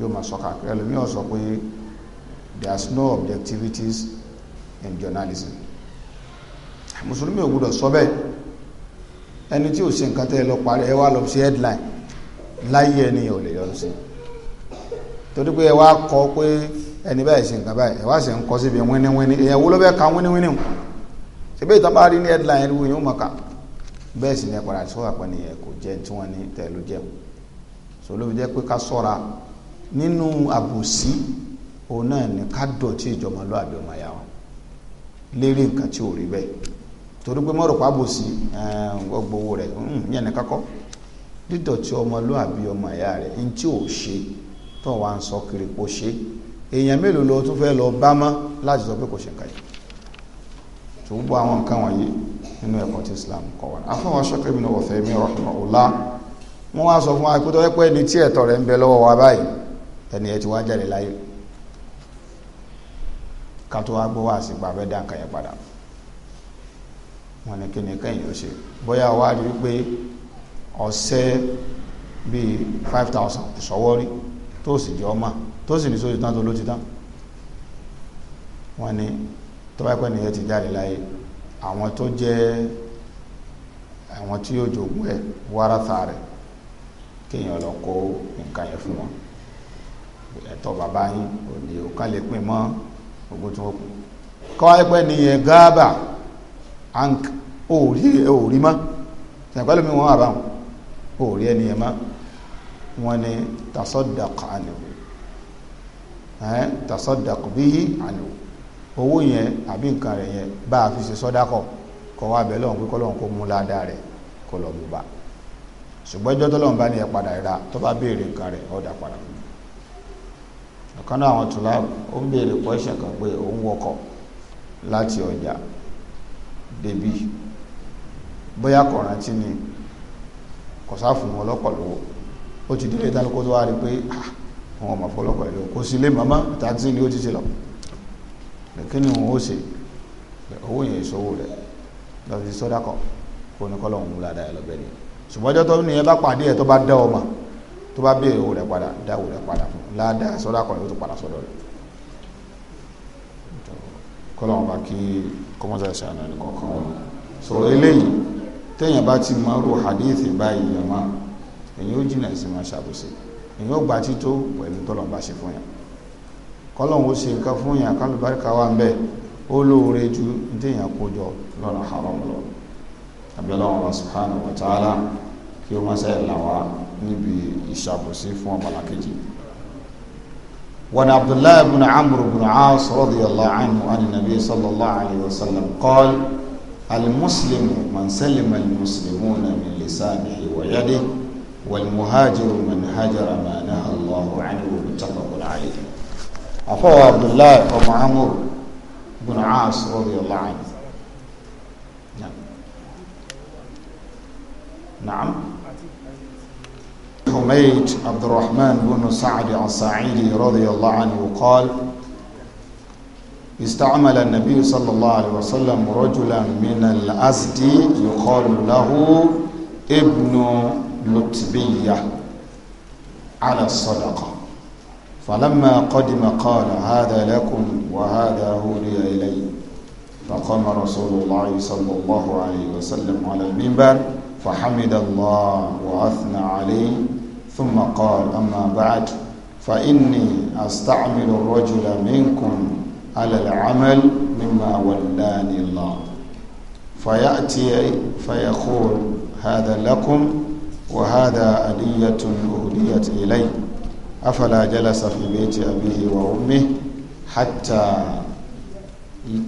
[SPEAKER 1] yóò máa sọ káàkiri ẹlòmíì ó sọ pé there is no objectivities in journalism mùsùlùmí ò gbọdọ̀ sọ bẹ́ẹ̀ ẹni tí ò ṣe nǹkan tẹ́ ẹ lọ parí ẹ wá lọ sí headline láyé ẹni ò lè yọrù sí i torí pé ẹ wá kọ pé ẹni báyìí ṣe nǹkan báyìí ẹ wá ṣe ń kọ síbi wíníwíní èèyàn wo ló fẹ́ ka wíníwíní o ṣebí ìtàn bá rí ní headline ẹni wíyìn ó mọ̀ ká bẹ́ẹ̀ sì ni ẹ padà sọ́wọ́ àpẹni ẹ kò jẹ́ tí wọ́n ní tẹ̀lú jẹ́ o sọ ló fi jẹ́ pé ká sọ́ra nínú àbòsí òun náà ní ká dọ̀tí ìjọba lọ àbí ọmọ ìyá wọn lérí nǹkan tí ò rí bẹ́ẹ̀ torí pé mọ́rọ̀ pàbòsí gbogbo rẹ̀ hmm, yẹn ní kakọ́ dídọ̀tí ọmọlúàbí ọmọ ìyá rẹ̀ ní tí ò ṣe tó wà ń sọ kiri kò ṣe èèyàn mélòó ló tún fẹ́ lọ bá mọ́ láti sọ pé kò ṣe nǹkan yìí tó gbọ́ àwọn nǹkan wọ̀nyí nínú ẹ̀kọ́ tí Islam kọ́ wa afọwọ́ aṣọ́kẹ́ mi náà wọ̀fẹ́ mi rọ̀kùnrin ọ̀la wọ́n wá sọ fún wa pé pé ẹni tí ẹ̀tọ́ rẹ̀ ń bẹ lọ́wọ́ wa báyìí ẹni ẹ ti wá jáde láyé ká tó wá gbọ́ wá sí gbà bẹ́ẹ̀ dá yẹn padà wọn ni kí kẹ́yìn ó ṣe bóyá wá rí i pé ọ̀sẹ̀ bíi five thousand sọ́wọ́ rí tó sì jọ ọmọ tó sì ní sójú tán tó ló ti tán wọ́n ní tó bá pẹ́ nìyẹn ti jáde láyé àwọn tó jẹ́ àwọn tí yóò jogún ẹ̀ wáratà rẹ̀ kéèyàn lọ kó nǹkan yẹn fún wọn ẹ̀tọ́ bàbá yín ò ní lè pín mọ́ ogún tí wọ́n kù kọ́wá pẹ́ nìyẹn gáàbà ank ò rí ò rí mọ́ sàpẹ́lómi wọn àbáwọn ò rí ẹnìyẹn mọ́ wọn ni tasaddaq anhu ẹ̀ tasaddaq bihi anhu owó yẹn àbí nǹkan rẹ̀ yẹn bá a fi ṣe sọ́dákọ̀ kọ́ wá bẹ̀ lọ́hùn pé kọ́lọ́hùn kó mú ládàá rẹ̀ kó lọ mú bá ṣùgbọ́n ẹjọ́ tọ́lọ́hùn bá ní ẹ padà rà tó bá béèrè nǹkan rẹ̀ ó padà ọ̀kan náà àwọn tùlá ó ń béèrè question kan pé òun wọkọ̀ láti ọjà débi bóyá kọ̀ọ̀rántí ni kọ̀sáfù wọn lówó ó ti délé tálùkó tó wá rí pé àwọn ah, ọmọ fọlọ́pàá ìlú kò sí lé màmá tàbí ilé ó ti ṣe lọ kí ni òun ó ṣe owó yẹn ìṣòwò rẹ lọ́dún ti sọ́dá kan kó ní kọ́lọ̀ òun ládàá ẹ lọ́bẹ̀ ni ṣùgbọ́n ọjọ́ tó ní ẹ bá pàdé ẹ tó bá dá ọmọ tó bá béèrè owó rẹ padà dá owó rẹ padà fún ládàá sọ́dá kan yóò tó padà sọ́dọ̀ rẹ kọ́lọ̀ wọn bá kí kọ́mọ́sá ìṣàánú èyí ó jìnà sí máa ṣàbòsí èyí ó gba tító pẹ̀lú tọ́lọ̀ bá ṣe fún yàn kọ́lọ̀hún ó ṣe nǹkan fún yàn kálùbáríkà wà ń bẹ̀ ó lóore ju déèyàn kójọ lọ́nà haram lọ abẹ́lọ́wọ́n wa subhanahu wa ta'ala kí ó máa ṣe làwà níbi ìṣàbòsí fún ọmọlá kejì wọn abdullahi ibn amr ibn as radiyallahu anhu an nabi sallallahu alayhi wa sallam qal al muslimu man salima al muslimuna wa yadihi والمهاجر من هاجر ما نهى الله عنه متفق عليه أفوى عبد الله بن بن عاص رضي الله عنه نعم نعم حميد عبد الرحمن بن سعد الصعيدي رضي الله عنه قال استعمل النبي صلى الله عليه وسلم رجلا من الأزدي يقال له ابن لطبية على الصدقة فلما قدم قال هذا لكم وهذا هولي إلي فقام رسول الله صلى الله عليه وسلم على المنبر فحمد الله وأثنى عليه ثم قال أما بعد فإني أستعمل الرجل منكم على العمل مما ولاني الله فيأتي فيقول هذا لكم وهذا أدية أهديت إليه أفلا جلس في بيت أبيه وأمه حتى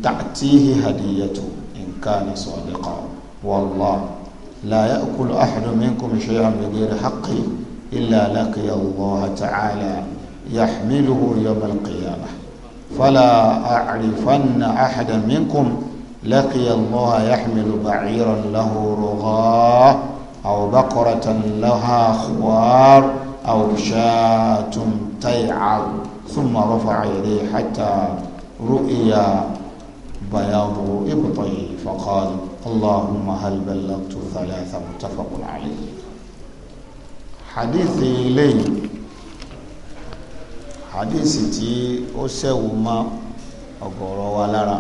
[SPEAKER 1] تأتيه هديته إن كان صادقا والله لا يأكل أحد منكم شيئا بغير حقه إلا لقي الله تعالى يحمله يوم القيامة فلا أعرفن أحدا منكم لقي الله يحمل بعيرا له رغاه أو بقرة لها خوار أو شاة تيعر ثم رفع إليه حتى رؤيا بياض إبطي فقال اللهم هل بلغت ثلاثة متفق عليه حديث إليه حديث تي أسوما ọ̀gọ̀rọ̀ wa lára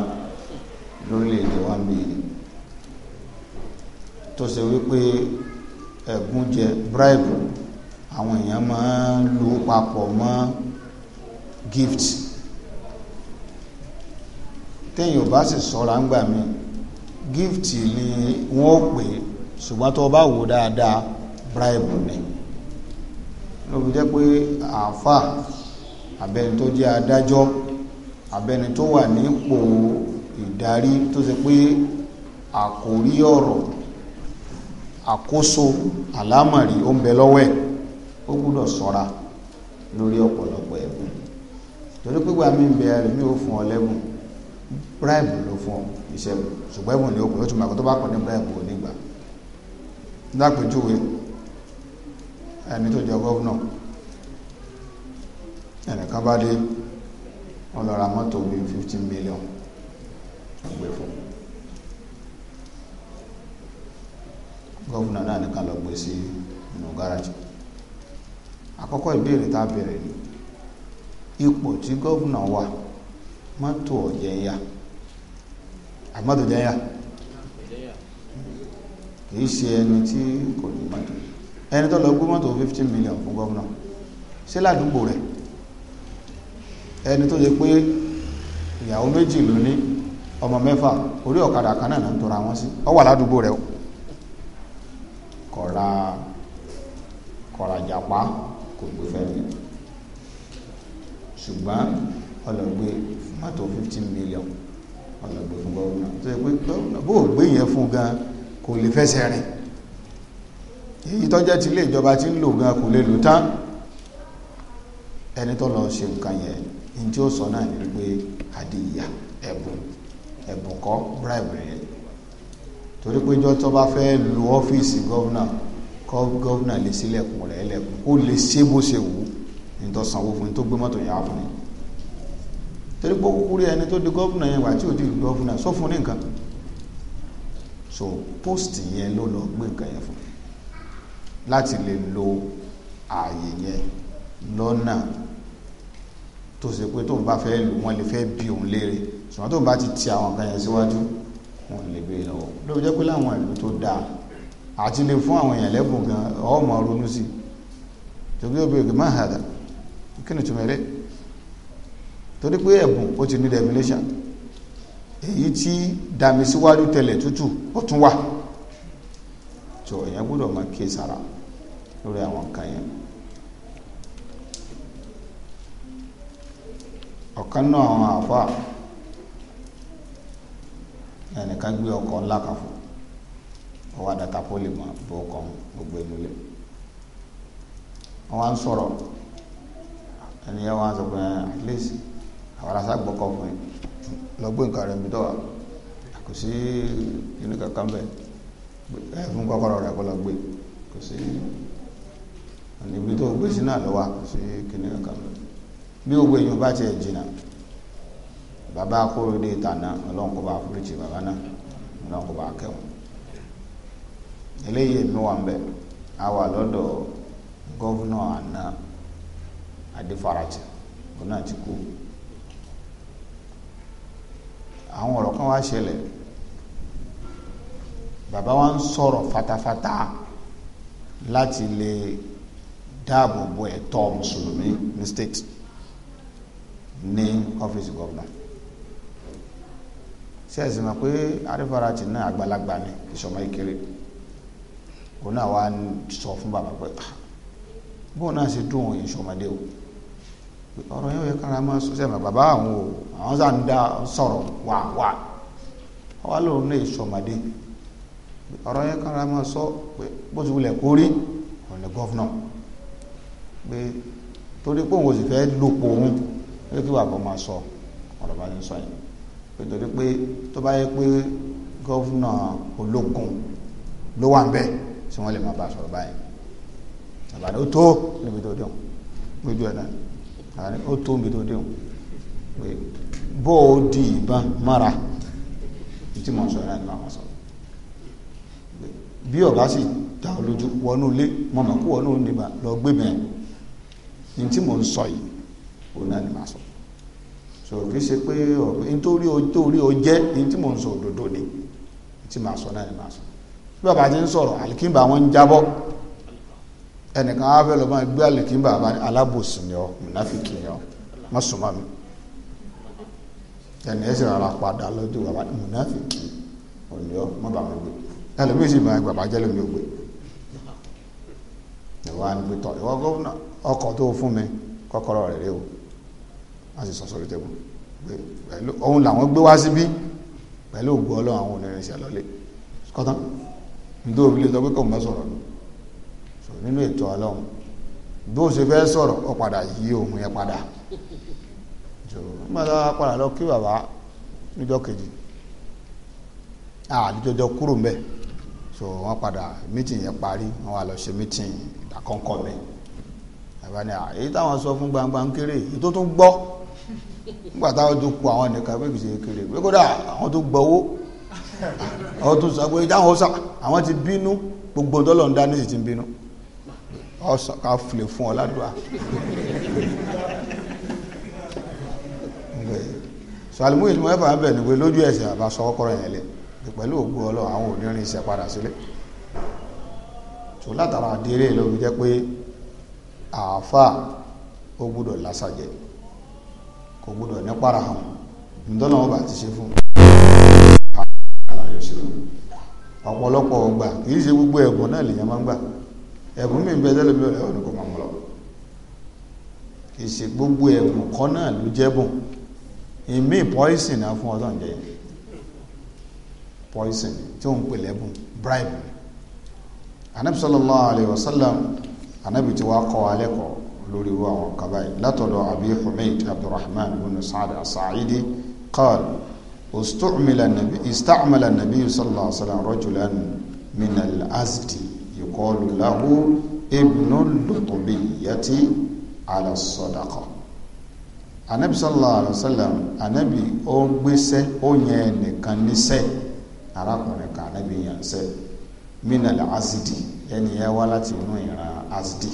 [SPEAKER 1] lórílẹ̀-èdè wa ẹ̀gúnjẹ bribe àwọn èèyàn máa ń lò papọ̀ mọ́ gift téèyàn ò bá sì sọ́ra ńgbà mi gift ni wọ́n pè ṣùgbọ́n tó bá wò dáadáa bribe ni lóbi jẹ́ pé àáfà abẹni tó jẹ́ adájọ́ abẹni tó wà nípò ìdarí tó ṣe pé àkórí ọ̀rọ̀ àkóso àlámọ̀rí ó ń bẹ lọ́wọ́ ẹ̀ ó gbúdọ̀ sọ́ra lórí ọ̀pọ̀lọpọ̀ ẹ̀bùn torí pípa mi ń bẹ ẹlòmí ò fún ọ lẹ́bùn bíráìbù ló fún ọ iṣẹ́ ṣùgbọ́n ẹ̀bùn ni ó pè ó tún máa kó bá pọ̀ ní bíráìbù ò lápèjúwe ẹni tó jẹ gọ́vnà ẹnìkan bá dé wọn mọ́tò bíi fifteen million ó gbé fún un Gọvanọ náà ní ká lọ gbé sí inú gáràjì akọkọ ìbéèrè tá a béèrè ni ipò tí gọvanọ wà mọ́tò ọ̀jẹ̀ ń yá kìí ṣe ẹni tí kò ní mọ́tò ẹni tó lọ gbé mọ́tò fifteen million fún gọvanọ ṣé ládùúgbò rẹ̀ ẹni tó yẹ pé ìyàwó méjì ló ní ọmọ orí o. pa kò gbé fẹ́ mi ṣùgbọ́n ọlọ́gbé mọ́tò fifteen million ọlọ́gbé fún gómìnà tó ṣe pé gómìnà bó gbé yẹn fún gan kò lè fẹsẹ̀ rìn èyí tọ́jẹ́ ti ilé ìjọba ti ń lò gan kò lè lò tán ẹni tó lọ ṣe nǹkan yẹn ní tí ó sọ náà ni pé àdìyà ẹ̀bùn ẹ̀bùn kọ́ bribery torí pé ìjọ tó bá fẹ́ lo ọ́fíìsì gómìnà kọ́ gọ́vnà lè sílẹ̀kùn rẹ̀ lẹ́kùn kó lè ṣe bó ṣe wù ní tó sanwó fún tó gbé mọ́tò yàrá fún ni torí pé kúkúrú ẹni tó di gọ́vnà yẹn wà tí ò di gọ́vnà sọ fún ní nǹkan so post yẹn ló lọ gbé nǹkan yẹn fún láti lè lo ààyè yẹn lọ́nà tó ṣe pé tóun bá fẹ́ lò wọ́n lè fẹ́ bí òun léèrè ṣùgbọ́n tóun bá ti ti àwọn nǹkan yẹn síwájú wọn lè gbé e lọ́wọ́ lóòjẹ́ pé láwọn ìlú tó dáa àti lè fún àwọn èèyàn lẹ́bùn gan ọmọ ronú sí torí ó bèèrè máa hàdà kí ni túnmọ̀ rẹ̀ torí pé ẹ̀bùn ó ti ní definition èyí tí dàmí síwájú tẹlẹ̀ tútù ó tún wà tó èèyàn gbọ́dọ̀ máa kíyè sára lórí àwọn nǹkan yẹn ọ̀kan náà àwọn ẹnìkan gbé ọkọ̀ ọwọ́ adata pọ́lì mọ́ bó kàn gbogbo inú ilé wọ́n wá ń sọ̀rọ̀ ẹni yẹn wọ́n á sọ pé at least àwọn arásá gbọ́kọ̀ fún yín lọ gbé nǹkan rẹ̀ ń bí tọ́wà kò sí inú kankan bẹ́ẹ̀ ẹ fún kọ́kọ́rọ́ rẹ̀ kó lọ gbé kò sí ibi tó gbé sí náà lọ́wọ́ kò sí kinní kankan bẹ́ẹ̀ bí gbogbo èèyàn bá tiẹ̀ jìnnà bàbá akóró dé ìtànà ọlọ́run kó bá foríjì bàbá náà ọlọ́run kó bá kẹ́wọ̀n eléyìí èmi wà ń bẹ̀ a wà lọ́dọ̀ gọ́vùnà àná adéfarajì òun náà ti kú àwọn ọ̀rọ̀ kan wá ṣẹlẹ̀ bàbá wa ń sọ̀rọ̀ fatafata láti lè dáàbò bo ẹ̀tọ́ mùsùlùmí ní state ní ọ́fíìsì gọ́vùnà ṣe é sì pé adéfarajì náà àgbàlagbà ni ìṣọ̀mọ́ ìkéré o na wá sọ fún bàbá pé ah, bóun náà ṣe dùn òun ìṣọmọdé o ọ̀rọ̀ yóò yẹ kára máa sọ́sẹ́ mà bàbá àwọn o àwọn sáà ń dá sọ̀rọ̀ wà wà wà lóun náà ìṣọmọdé ọ̀rọ̀ yẹ kára máa sọ pé bó ti wulẹ̀ kó rí òun ni gọ́fúnà pé torí pé òun ò sì fẹ́ lòpọ̀ òun pé kí bàbá máa sọ ọ̀rọ̀ bá ti sọ yìí pé torí pé tó bá yẹ pé gọ́fúnà ológun ló wà ń bẹ́ẹ̀ tí wọ́n lè máa bá sọ̀rọ̀ báyìí àbáni ó tó níbi tó dẹ̀hùn lójú ẹ̀ náà àbáni ó tó níbi tó dẹ̀hùn pé bó o di ìbọn mára tí mo sọ náà ni màá sọ bí ọ̀gá sì ta olójú wọnú ilé mo mọ̀ kó wọnú níbà lọ gbé bẹ́ẹ̀ ní tí mo ń sọ yìí òun náà ni màá sọ so kì í ṣe pé ọ̀rọ̀ nítorí o jẹ́ ní tí mo ń sọ òdodo ni tí màá sọ náà ni màá sọ bí bàbá ti ń sọ̀rọ̀ alikimba wọn ń jábọ́ ẹnìkan á fẹ́ lọ bá alikimba alábòsí ni ọ mùnáfìkì ni ọ má súnmọ́ mi ẹnì ẹsẹ̀ rárá padà lọ́jọ́ bàbá mùnáfìkì òní ọ má bàá mi gbé ẹlòmíì sì máa bàbá jẹ́ lómi ògbé ìwà ni pé tọ́ ìwọ gómìnà ọkọ̀ tó fún mi kọ́kọ́rọ́ rẹ̀ rẹ o a sì sọ sórí tẹ́gùn pẹ̀lú ohun làwọn gbé wá síbí pẹ̀lú ògbó ọlọ́run àwọn onírìnsẹ̀ lọ́lẹ̀ kọ́tán nítorí òbí lè sọ pé kò mọ́ sọ̀rọ̀ lọ sọ nínú ètò ọlọ́run bó ṣe fẹ́ sọ̀rọ̀ ọ padà yí ohun yẹn padà so nígbà tó wá padà lọ kí bàbá níjọ́ kejì àdìjọjọ kúrò mbẹ so wọn padà mítìn yẹn parí wọn wà lọ ṣe mítìn ìdákọ́ńkọ́ mi bàbá ni èyí táwọn sọ fún gbangba ń kéré èyí tó tún gbọ́ nígbà táwọn tó ku àwọn nìkan pé kì í ṣe kéré pé kódà àwọn tó gbọ́ owó ọ tún sọ pé táwọn ọsà àwọn ti bínú gbogbo tọ́lọ̀ ń dá ní sì ti bínú ọsàn ká fìlè fún ọ ládùá sàlùmù ìtumọ̀ ẹ̀fà ń bẹ̀ ní pé lójú ẹsẹ̀ àbá sọ kọ́kọ́rọ́ yẹn lẹ pẹ̀lú ògbó ọlọ́run àwọn onírin iṣẹ́ padà sílé tó látara àdéré lórí jẹ́ pé àáfà ó gbúdọ̀ lásàjẹ́ kò gbúdọ̀ ní para hàn nítorí wọn ti ṣe fún un àyọ̀ṣẹ́rù ọ̀pọ̀lọpọ̀ ọgbà kì í ṣe gbogbo ẹ̀bùn náà lèèyàn máa ń gbà ẹ̀bùn mi bẹ tẹ́lẹ̀ bí ọ̀rẹ́ kò máa mú lọ kì í ṣe gbogbo ẹ̀bùn kọ́ náà ló jẹ́bùn ìmí pọ́ìsìn náà fún ọlọ́run jẹ́ pọ́ìsìn tí ó ń pè lẹ́bùn bribe anabi sallallahu alayhi wa anabi ti wá kọ́ alẹ́ kọ́ lórí wa àwọn kaba yìí látọ̀dọ̀ abi humayd abdulrahman ibn saad asaidi qaal istamala nabi sallallahu alaihi wasallam rajulan min al-azdi yuqalu lahu ibnu lutubiyati ala sadaqa anabi sallallahu alaihi wasallam anabi ó ń gbéṣẹ́ ó yẹn nìkan níṣẹ́ arákùnrin kan anabi yẹn ṣe min al-azdi ẹni yẹn wá láti inú ìran azdi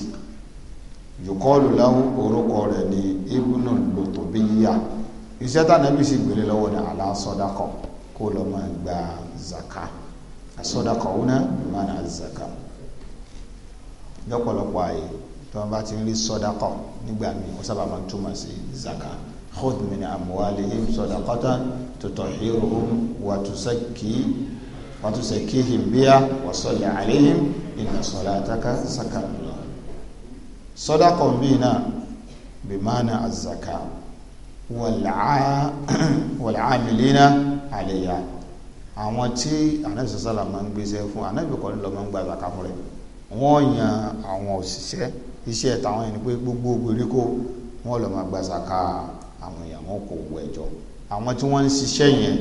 [SPEAKER 1] yuqalu lahu orúkọ rẹ̀ ní ibnu lutubiyati iṣẹ́ tànàbí sì gbélé lọ́wọ́ ní àlá sọ́dákọ̀ kó lọ máa gba zaka sọ́dákọ̀ ọ̀hún náà máa na zaka lọ́pọ̀lọpọ̀ ààyè tí wọ́n bá ti ń rí sọ́dákọ̀ nígbà míì wọ́n sábà máa ń túmọ̀ sí zaka khudh min amwalihim sadaqatan tutahhiruhum wa tusakki wa tusakkihim biha wa salli alayhim inna salataka sakanun sọ́dákọ̀ bíi náà bí máa wàlàámìlínà (clears throat) àlèyà àwọn tí anabi sasala máa ń gbéṣẹ́ fún anabi kọ́ni lọ máa ń gba ìbàkà fún rẹ̀ wọ́n yan àwọn òṣìṣẹ́ iṣẹ́ tàwọn ẹni pé gbogbo gbèríko wọ́n lọ máa gba sàkà àwọn èèyàn wọn kò wọ ẹjọ́ àwọn tí wọ́n ń ṣiṣẹ́ yẹn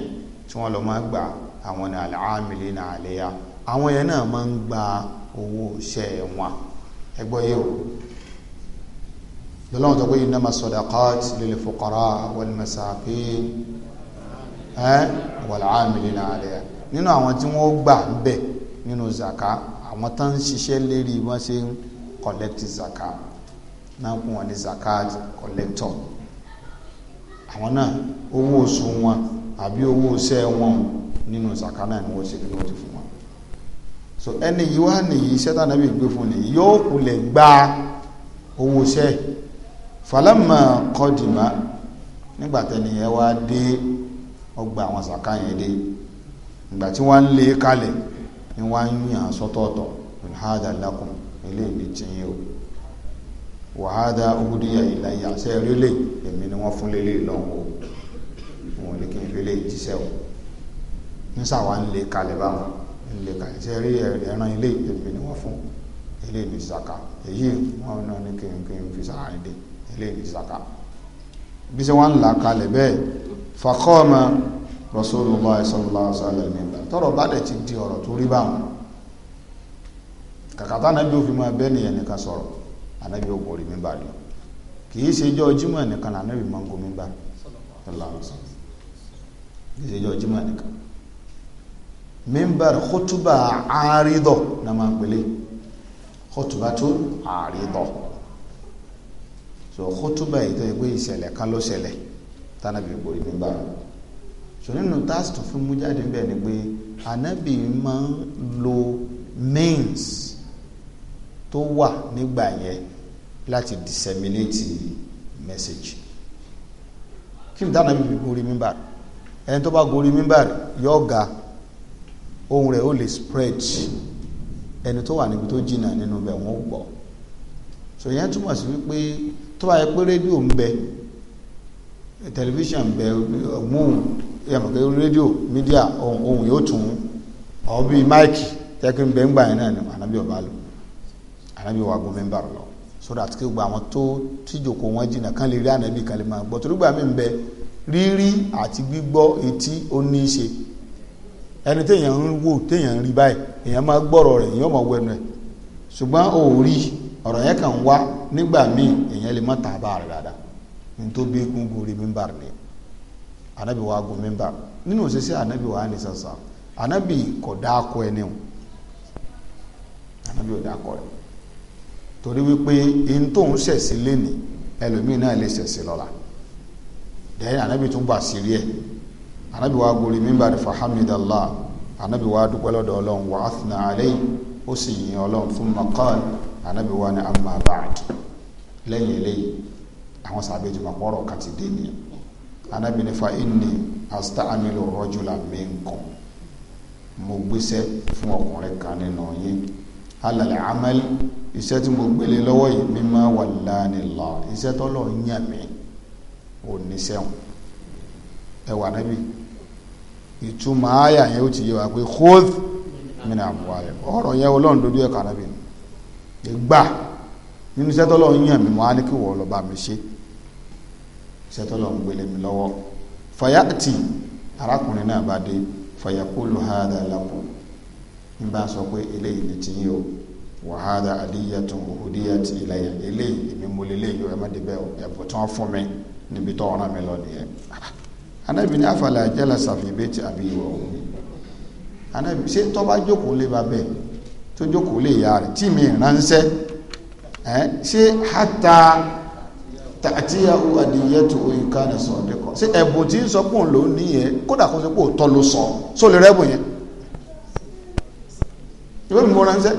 [SPEAKER 1] tí wọ́n lọ máa gbà àwọn ní wàlàámìlínà àlèyà àwọn yẹn náà máa ń gba owó iṣẹ́ wọn ẹgbọ́ yìí o lọ́lọ́run tó pé innama sadaqat lil fuqara wal masakin wal amilina alayha nínú àwọn tí wọ́n gbà ń bẹ̀ nínú zaka àwọn tó ń ṣiṣẹ́ lérí wọ́n ṣe ń collect zaka náà kún wọn ní zakat collector àwọn náà owó oṣù wọn àbí owó iṣẹ́ wọn nínú zaka náà ni wọ́n ṣe kí ti fún wọn so ẹni yìí wá nìyí iṣẹ́ tánàbí gbé fún nìyí yóò kulẹ̀ gba owó iṣẹ́ falama kọdìmá nígbàtẹni yẹn wá dé ọgbà àwọn sàká yẹn dé ìgbà tí wọ́n ń lé e kalẹ̀ ni wọ́n ń yàn sọ́tọ̀ọ̀tọ̀ ìhádà lakum ilé ìlú tí yín o wàhádà ogúdíyà ìlàyà ṣe rélé èmi ni wọ́n fún lélẹ̀ lọ́wọ́ wọn ní kí n fi lè jíṣẹ́ o ń sàwà ń lé kalẹ̀ báwọn ń lé kalẹ̀ ṣe rí ẹran ilé èmi ni wọ́n fún ilé ìlú sàká èyí wọn náà ní kí n fi sàárẹ̀ dé ilé ìsaka bí ṣe wọ́n ń là kalẹ̀ bẹ́ẹ̀ faqama Rasulullah sallallahu alaihi wasallam tọ́rọ̀ bá dẹ̀ ti di ọ̀rọ̀ tó rí báwọn kàkàtà anábí òfin máa bẹ́ nìyẹn nìkan sọ̀rọ̀ anábí ògùn orí mímbà ni kì í ṣe ijọ́ nìkan anábí máa ń gun mímbà kì í ṣe ijọ́ nìkan mímbà khutuba àárídọ̀ náà máa ń pèlè khutuba tó àárídọ̀ so khutuba yìí tó yẹ pé ìṣẹ̀lẹ̀ kan ló ṣẹlẹ̀ tánàbí gbòrí nígbà rẹ̀ so nínú táàsì tó fi mú jáde ń bẹ̀ ni pé ànábì máa ń lo means tó wà nígbà yẹn láti disseminate message kí ni tánàbí fi gbòrí nígbà rẹ̀ ẹni tó bá gorí mímbà yọ ga ohun rẹ̀ ó lè spread ẹni tó wà níbi tó jìnnà nínú bẹ̀ wọ́n gbọ́ so yẹn túmọ̀ sí wípé tó bá yẹ pé rédíò ń bẹ tẹlifíṣàn bẹ ọgbọ́n yàmùkẹ́ rédíò mídíà ohun yóò tún ọ̀ bíi máìkì tẹ́kí ń bẹ ń gbà yẹn náà ni ànábì ọba lò ànábì lọ sódà àti kí àwọn tó tíjòkó wọn jìnnà kán lè rí ànábì kan lè máa gbọ́ torí gbà mí ń bẹ rírí àti gbígbọ́ etí ó ní í ṣe ẹni téèyàn ń wò téèyàn ń rí báyìí èèyàn ọ̀rọ̀ yẹn kàn wá nígbà míì èèyàn lè má tà bá rẹ̀ dáadáa nítorí bí egun mímbàrì ni anabi wa gun mímbàrì nínú òṣìṣẹ́ anabi wa ni sàṣà anabi kò dáko ẹni anabi ò dáko ẹ torí wípé ihun tó ń ṣẹ̀sí lénìí ẹlòmíì náà lè anabi tún bá sírí anabi wa mímbàrì anabi wa dúpẹ́ lọ́dọ̀ ọlọ́run anabi wa ni amma ba'd lẹ́yìn eléyìí àwọn sàbẹ̀ jùmọ̀ pọ̀rọ̀ kàti dé nìyẹn anabi ni fa inni asta'milu rajula minkum mo gbéṣẹ́ fún ọkùnrin kan nínú yín alàlẹ́ amẹ́lì iṣẹ́ tí mo gbélé lọ́wọ́ yìí mímọ́ wà lánìlá iṣẹ́ tọ́lọ̀ ń yàn mí ò ní sẹ́wọ̀n ẹwà nábì ìtumọ̀ ayà yẹn ó ti yẹ wá pé khudh min amwalihim ọ̀rọ̀ yẹn ọlọ́run lójú ẹ̀ka nábì ni gbà nínú iṣẹ́ tọ́lọ́ ń yàn mí mọ́ á ní kí wọ́n lọ bá mi ṣe iṣẹ́ tọ́lọ́ ń gbélé mi lọ́wọ́ fayati arákùnrin náà bá dé fayakulu hada lakum ń bá sọ pé eléyìí ni ti yín o wàhádà àdíyàtún òhùdíyàtì ìlàyà eléyìí èmi mo lè léyìí ẹ má débẹ̀ ẹ̀bùn tí wọ́n fún mi níbi tó ọ̀ràn mi lọ nìyẹn anabi ní àfàlà àjẹlà sàfihàn bẹ́ẹ̀ ti àbí ìwọ̀ ba bẹ́ẹ̀ tó jókòó lè ya rẹ̀ tí mi ránṣẹ́ ẹ̀ ṣé hátà tàtíyàwó adìyẹ tó oyin ká ní sọ ọdẹ kan ṣé ẹ̀bùn tí ń sọ pò ń lò ní yẹn kódà kó sọ pé òótọ́ ló sọ só lè rẹ́bùn yẹn ìwé mi mo ránṣẹ́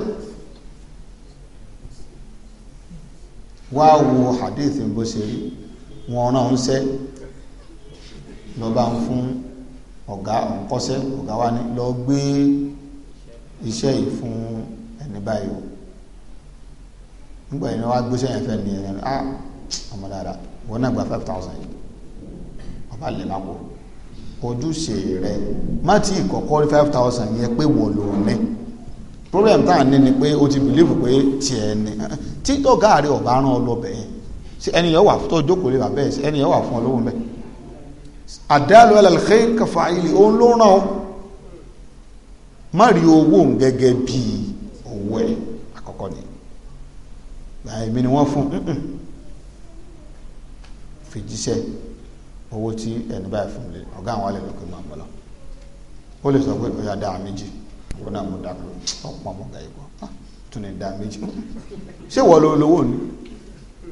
[SPEAKER 1] wá wo hadith bó ṣe rí wọn ránṣẹ́ lọ́ba ń fún ọ̀gá ọ̀nkọ́ṣẹ́ ọ̀gá wa ní lọ gbé iṣẹ́ yìí fún ẹni báyìí o nígbà yìí ni wọ́n á gbéṣẹ́ yẹn fẹ́ ni ẹ̀rẹ́ ni ah ọmọ dáadáa wọn náà gba five thousand yìí ọba lè má kó ojúṣe rẹ má tí ìkọ̀kọ́ rí five thousand yẹn pé wọ́n lò ní problem tá à ní ni pé o ti believe pé tiẹ̀ ni títọ́ gáàrí ọ̀bá rán ọ lọ bẹ̀yẹn sí ẹnìyàn wà tó jókòó lè bàbẹ́ ẹ̀ sí ẹnìyàn wà fún ọ lówó mẹ́ àdéhàlú ẹlẹ́lẹ́kẹ́ kàfáìlì òun ló ràn ọ́ má rí owó òun gẹ́gẹ́ bí owó ẹ̀ àkọ́kọ́ ni èmi ni wọ́n fún fìjíṣẹ́ owó tí ẹni báyìí fún mi ọ̀gá àwọn alẹ́ lókè máa mọ́ lọ ó lè sọ pé ọ̀yà dáa méjì òun náà mo dàgbò ọ̀pọ̀ ọmọ ọ̀gá ìgbọ́ ah, tún ní dáa méjì (laughs) ṣé wọ́n lo lówó ni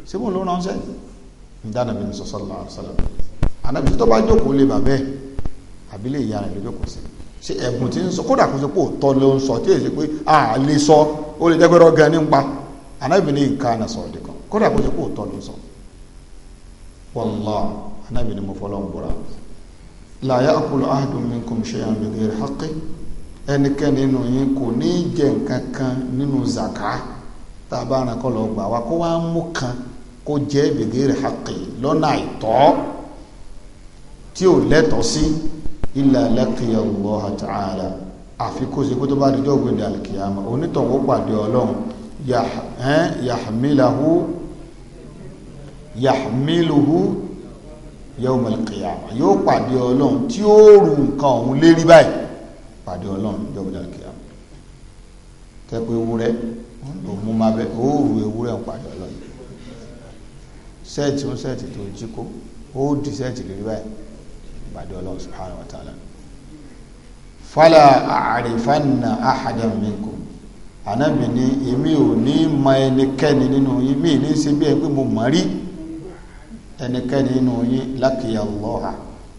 [SPEAKER 1] ṣé wọ́n lo ránṣẹ́ ìdáná mi ní sallallahu alaihi wasallam ànábìsí tó bá jókòó lè bàbẹ́ àbílẹ̀ ìyá rẹ̀ ló jókòó sí i ṣe ẹ̀bùn tí ń sọ kódà kó sọ pé òótọ́ ló ń sọ tí èyí pé a lè sọ ó lè jẹ́ pé rọ́ọ̀gá ní ń pa anábì ní nǹkan àná sọ̀rọ̀ dìkan kódà kó sọ pé òótọ́ ló ń sọ. wallahi anábì ní mo fọlọ́ ń bọ̀ra la ya'kulu ahadun minkum shay'an bi ghayri haqqi ẹnikẹ́ni nínú yín kò ní í jẹ nǹkan kan nínú zaka tá a bá ran kọ́ lọ gbà wá kó wá mú kan kó jẹ́ bi ghayri lọ́nà àìtọ́ tí ò lẹ́tọ̀ọ́ sí. Si illa laqiya Allah ta'ala àfi kó ṣe kó tó bá dijọ́ gbèdé alkiyama onítọ̀hún ó pàdé ọlọ́run yahmilahu yahmiluhu yawm alkiyama yóò pàdé ọlọ́run tí ó rù nǹkan ọ̀hún lérí báyìí pàdé ọlọ́run dijọ́ gbèdé alkiyama tẹ́kọ̀ ewúrẹ́ ló mú ma bẹ́ ó rù ewúrẹ́ ń pàdé ọlọ́run sẹ́ẹ̀tì ń sẹ́ẹ̀tì tó jí kó ó di sẹ́ẹ̀tì lérí báyìí pàdé ọlọ́run subhanahu wa ta'ala fala àrífànà ahadan minkum ànábì ní èmi ò ní mọ ẹnikẹ́ni nínú yín mí ní ṣe bí ẹ pé mo mọ̀ rí ẹnikẹ́ni nínú yín lákìyà lọ́ha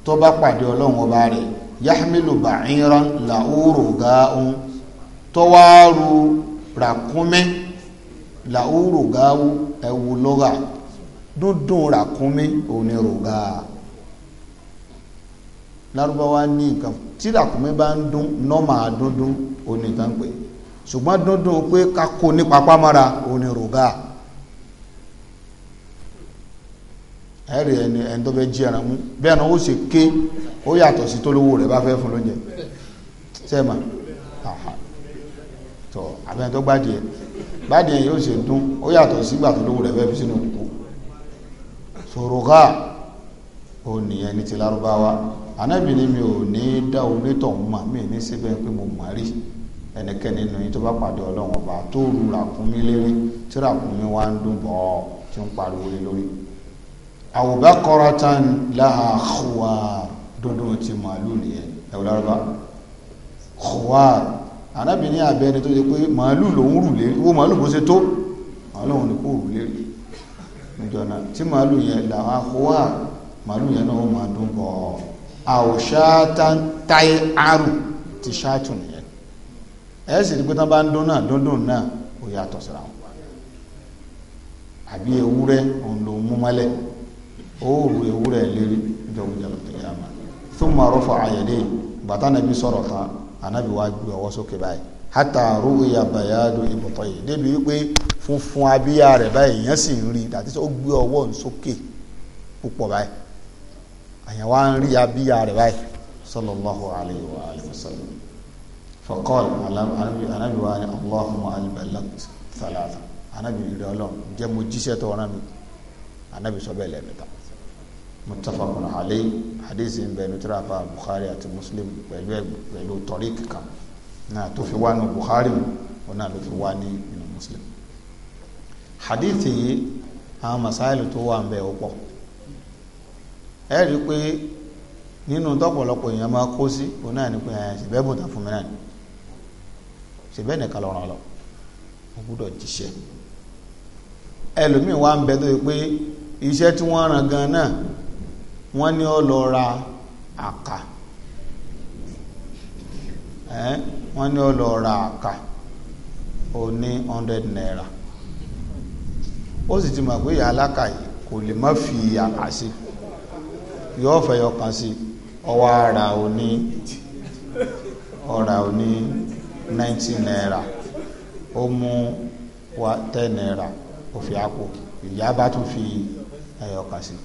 [SPEAKER 1] tó bá pàdé ọlọ́run ọba rẹ̀ yahmilu ba'iran la'uru ga'un tó wá ru ràkúnmí la'uru ga'un ẹ̀wù lọ́gà dúndùn ràkúnmí òní rògà lárúbáwá ní nǹkan tí ràkúnmí bá ń dún nọ́mà dúndún òní nǹkan pé ṣùgbọ́n dúndún pé kákó ní papámọ́ra òní rògá ẹ̀rì ẹni ẹni tó fẹ́ jí ẹran mú bẹ́ẹ̀ náà ó sì ké ó yàtọ̀ sí tólówó rẹ̀ bá fẹ́ fún lóúnjẹ sẹ́mà tọ́ àbẹ́ni tó gbádìí gbádìí yóò ṣe dún ó yàtọ̀ sígbà tólówó rẹ̀ fẹ́ fi sínú kòkó sòrògá òní ẹni ti lárúbáwá anábì ni mi ò ní dá onítọ̀ mọ̀ mí ní síbẹ̀ pé mo mọ̀ rí ẹnikẹ́ni nínú yín tó bá pàdé ọlọ́run ọba tó ru ràkúnmí lérí tí ràkúnmí wá ń dùn bọ́ ọ tí ń pariwo lé lórí. àwòbá kọ́ra tán láha xuwa dodo ti màálù nìyẹn ẹ̀wọ̀n lárúbá xuwa anábì ní abẹ́ni tó ṣe pé màálù lòún rù lérí wo màálù bó ṣe tó màálù òun ni kò rù lérí níjọ náà tí màálù yẹn làwọn xuwa màálù yẹn náà ó máa dùn bọ́ ọ. àwòṣáátán arụ àrùn ti ṣáàtù nìyẹn ẹ sì rí pé bá ń dún náà dúndùn náà ó yàtọ̀ síra wọn àbí ewúrẹ́ òun ló mú mọ́lẹ̀ ó rú ewúrẹ́ lérí nítorí ìjọba tó yá ma fún màrún fún àyẹ̀dẹ́ bàtà nàbí sọ̀rọ̀ tán ànábì wá gbé ọwọ́ sókè báyìí hátà ìyá ìbùtọ̀ yìí débi wípé funfun abíyá rẹ̀ báyìí èèyàn sì ń rí dàtí ó gbé ọwọ́ sókè púpọ̀ báyìí àyàn wa ń rí abíyá rẹ̀ báyìí sallallahu alayhi wa alayhi wa sallam faqal anabi wa ni allahumma albalat thalatha anabi rẹ Ọlọ́run jẹ́ mo jíṣẹ́ tó rán mi anabi sọ bẹ́ẹ̀ lẹ́ẹ̀mẹ́ta muttafaqun alayhi hadisi ń bẹ nutura fa bukhari àti muslim pẹ̀lú pẹ̀lú tariq kan náà tó fi wá ní bukhari wọn náà ló fi wá ní inú muslim hadisi yìí àwọn masáìlì tó wà ń bẹ ó e rí i pé nínú tọ́pọ̀lọpọ̀ èèyàn máa kó sí òun náà ní pé ṣèbẹ́ bùn tán fún mi náà ni ṣèbẹ́ nìkan lọ́rùn lọ o gbúdọ̀ jíṣẹ́ ẹlòmíì wá ń bẹ tó yẹ pé iṣẹ́ tí wọ́n gan náà wọ́n ní ó lọ ra àkà wọ́n ní ọ lọ ra àkà ó ní hundred naira ó sì ti mọ̀ pé ìyá alákà yìí kò lè má fi àkà yóò fẹ́ yọ kan sí ọwọ́ ara ò ní ọ̀rà ò ní ninety naira ó mú wa ten naira ó fi àpò ìyá bá tún fi ẹyọ kan sí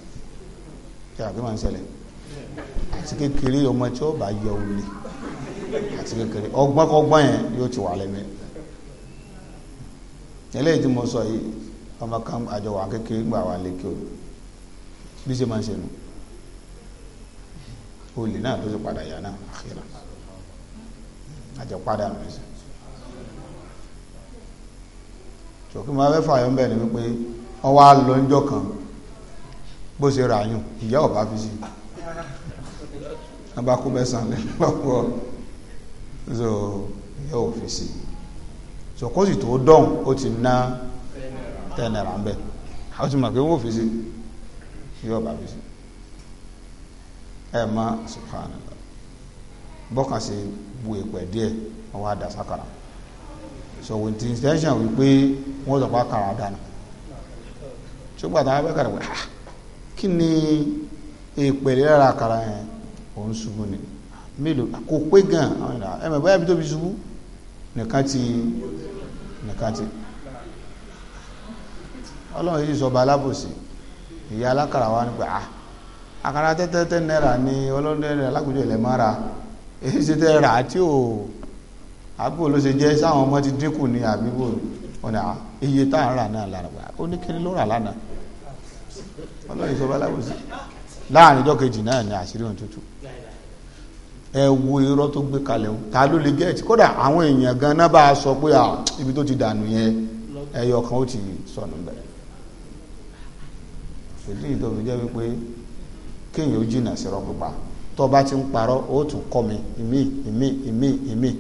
[SPEAKER 1] yàrá kí wọ́n ń ṣẹlẹ̀ àti kékeré ọmọ tí ó bá yọ òní àti kékeré ọgbọ́n kọ́gbọ́n yẹn yóò ti wà lẹ́nu eléyìí tí mo sọ yìí ọmọ kan àjọwà kékeré gbà wà lékè o bí ṣe máa ń ṣe nù olè náà ló sì padà yà náà àkìrà àjẹpadà nù sí tòkí máa fẹ́ fààyàn bẹ́ẹ̀ ni wípé ọwọ́ á lọ ńjọ́ kan bó ṣe rà yùn ìyá ọ̀bá fi sí abá kó mẹ́sàn-án lẹ́nu lọ́wọ́ ìyá ò sí so tó dọ̀hùn ó ti ná tẹ́nẹ̀rà ń bẹ̀ ó ti mọ̀ pé wọ́n fi sí ìyá ọ̀bá fi sí. ẹ subhanallah bọ́kàn bu èpẹ̀ díẹ̀ wọ́n wá so with the intention wípé wọ́n sọ pé àkàrà dànù ṣùgbọ́n àtàwọn abẹ́kàrà wẹ̀ ha ah, kí ni èpẹ̀ lára ni mélòó ko pé gan àwọn ìlà ẹ̀mẹ̀ bóyá ibi ti ti wa ni ah àkàrà tete tete naira ni ọlọ́dún rẹ̀ ilẹ̀ máa ra èyí ṣe tẹ́ rà tí ò àbúrò ló ṣe jẹ́ sáwọn ọmọ ti dínkù ní àbíbò ọ̀nà iye tá à ń rà náà lára ó ní kíni ló rà lánàá ọlọ́run ìṣọba láàrin ni àṣírí ohun tuntun ẹ wo irọ́ tó o ta ló lè gẹ́ẹ̀tì kódà àwọn èèyàn gan náà bá a sọ pé ti dànù yẹn ẹyọ kan ó ti sọnù bẹ̀rẹ̀ jẹ́ kéèyàn ó jìnnà sí rọpípa tó bá ti ń parọ́ ó tún kọ́ mi ìmí ìmí ìmí ìmí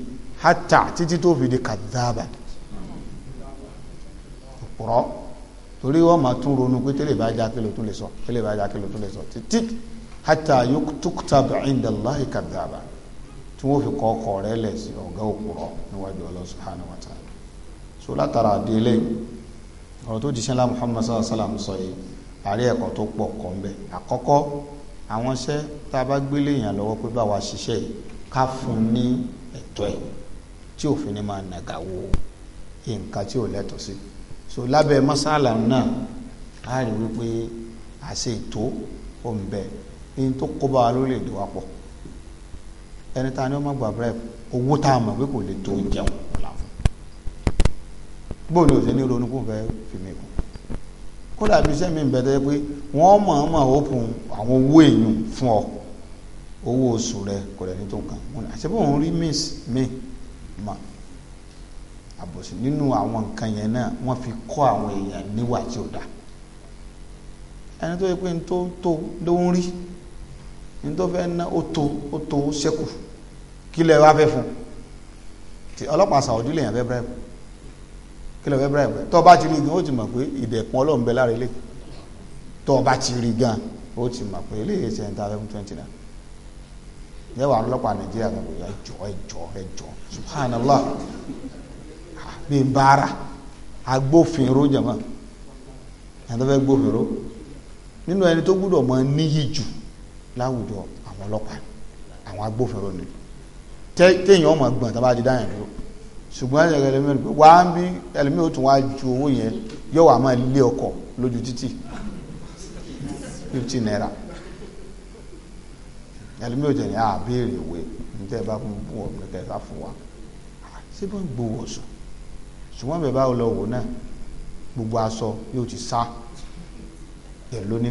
[SPEAKER 1] hátà títí tó fi di kàdáàbà òpùrọ́ torí wọ́n máa tún ronú pé tẹ́lẹ̀ bá já kílò tún lè sọ tẹ́lẹ̀ bá já kílò tún lè sọ títí hátà yuktab inda Allahi kàdáàbà tí wọ́n fi kọ́ ọkọ̀ rẹ̀ lẹ̀ sí ọ̀gá òpùrọ́ níwájú Allah subhanahu wa so látara àdéhùn ọ̀rọ̀ tó jíṣẹ́ lá Muhammad sallallahu sọ yìí àárẹ̀ ẹ̀kọ́ tó pọ̀ kọ́ ń bẹ àkọ́kọ́ àwọn iṣẹ́ tá a bá gbélé èèyàn lọ́wọ́ pé báwa ṣiṣẹ́ ká fún ní ẹ̀tọ́ ẹ̀ tí òfin ni máa nàgà wo nǹkan tí ò lẹ́tọ̀ọ́ sí so lábẹ́ mọ́sálà náà a rí wípé àṣẹ ètò ò ń bẹ ní tó kóbá wa ló lè dè wá pọ̀ ẹni tá a ní ó má owó tá a mọ̀ pé kò lè tó jẹun bóun ni òṣèlú ronú kó fẹ́ fi mí kù kódà bí iṣẹ́ mi ń bẹ̀rẹ̀ pé wọ́n mọ̀ọ́mọ̀ òpin àwọn owó èèyàn fún ọ owó oṣù rẹ kò lẹ́ni tó kàn wọ́n àti bó ń rí miss mi mà àbòsí nínú àwọn nǹkan yẹn náà wọ́n fi kọ́ àwọn èèyàn níwà tí ò dáa ẹni tó yẹ pé tó tó ló ń rí ní tó fẹ́ ná ó tó ó tó ṣẹ́kù kí lẹ wá fẹ́ fún ọlọ́pàá sàwọ́dí lèèyàn fẹ́ bẹ́ẹ̀ kí ló fẹ́ bẹ̀rẹ̀ pé tọ́ ọ bá ti rí gan ó ti mọ̀ pé ìdẹ̀kùn ọlọ́run bẹ lára ilé tọ́ ọ bá ti rí gan ó ti mọ̀ pé ilé yìí ṣe ń twenty náà yẹ́wọ̀ ọlọ́pàá nàìjíríà kan kò ẹjọ́ ẹjọ́ ẹjọ́ subhanallah ah, bí n bára agbófinró jama yàtọ̀ fẹ́ gbófinró nínú ẹni tó gbúdọ̀ mọ níyì jù láwùjọ àwọn ọlọ́pàá àwọn agbófinró ni téèyàn ọmọ gbọ̀n tá a bá di dáhùn dúró ṣùgbọ́n ẹ̀yẹ ẹlẹ́mìí pé wàá ń bí ẹlẹ́mìí ó tún wá ju owó yẹn yóò wá máa lé ọkọ̀ lójú títì fifty naira ẹlẹ́mìí ó jẹ̀ ní àbẹ̀rẹ̀ ìwé níta ẹ̀ bá fún bú ọ̀ níta ẹ̀ bá fún wa ṣé bọ́n gbowó sùn ṣùgbọ́n bẹ̀ bá lọ wò náà gbogbo aṣọ yóò ti sá ẹ̀ lóní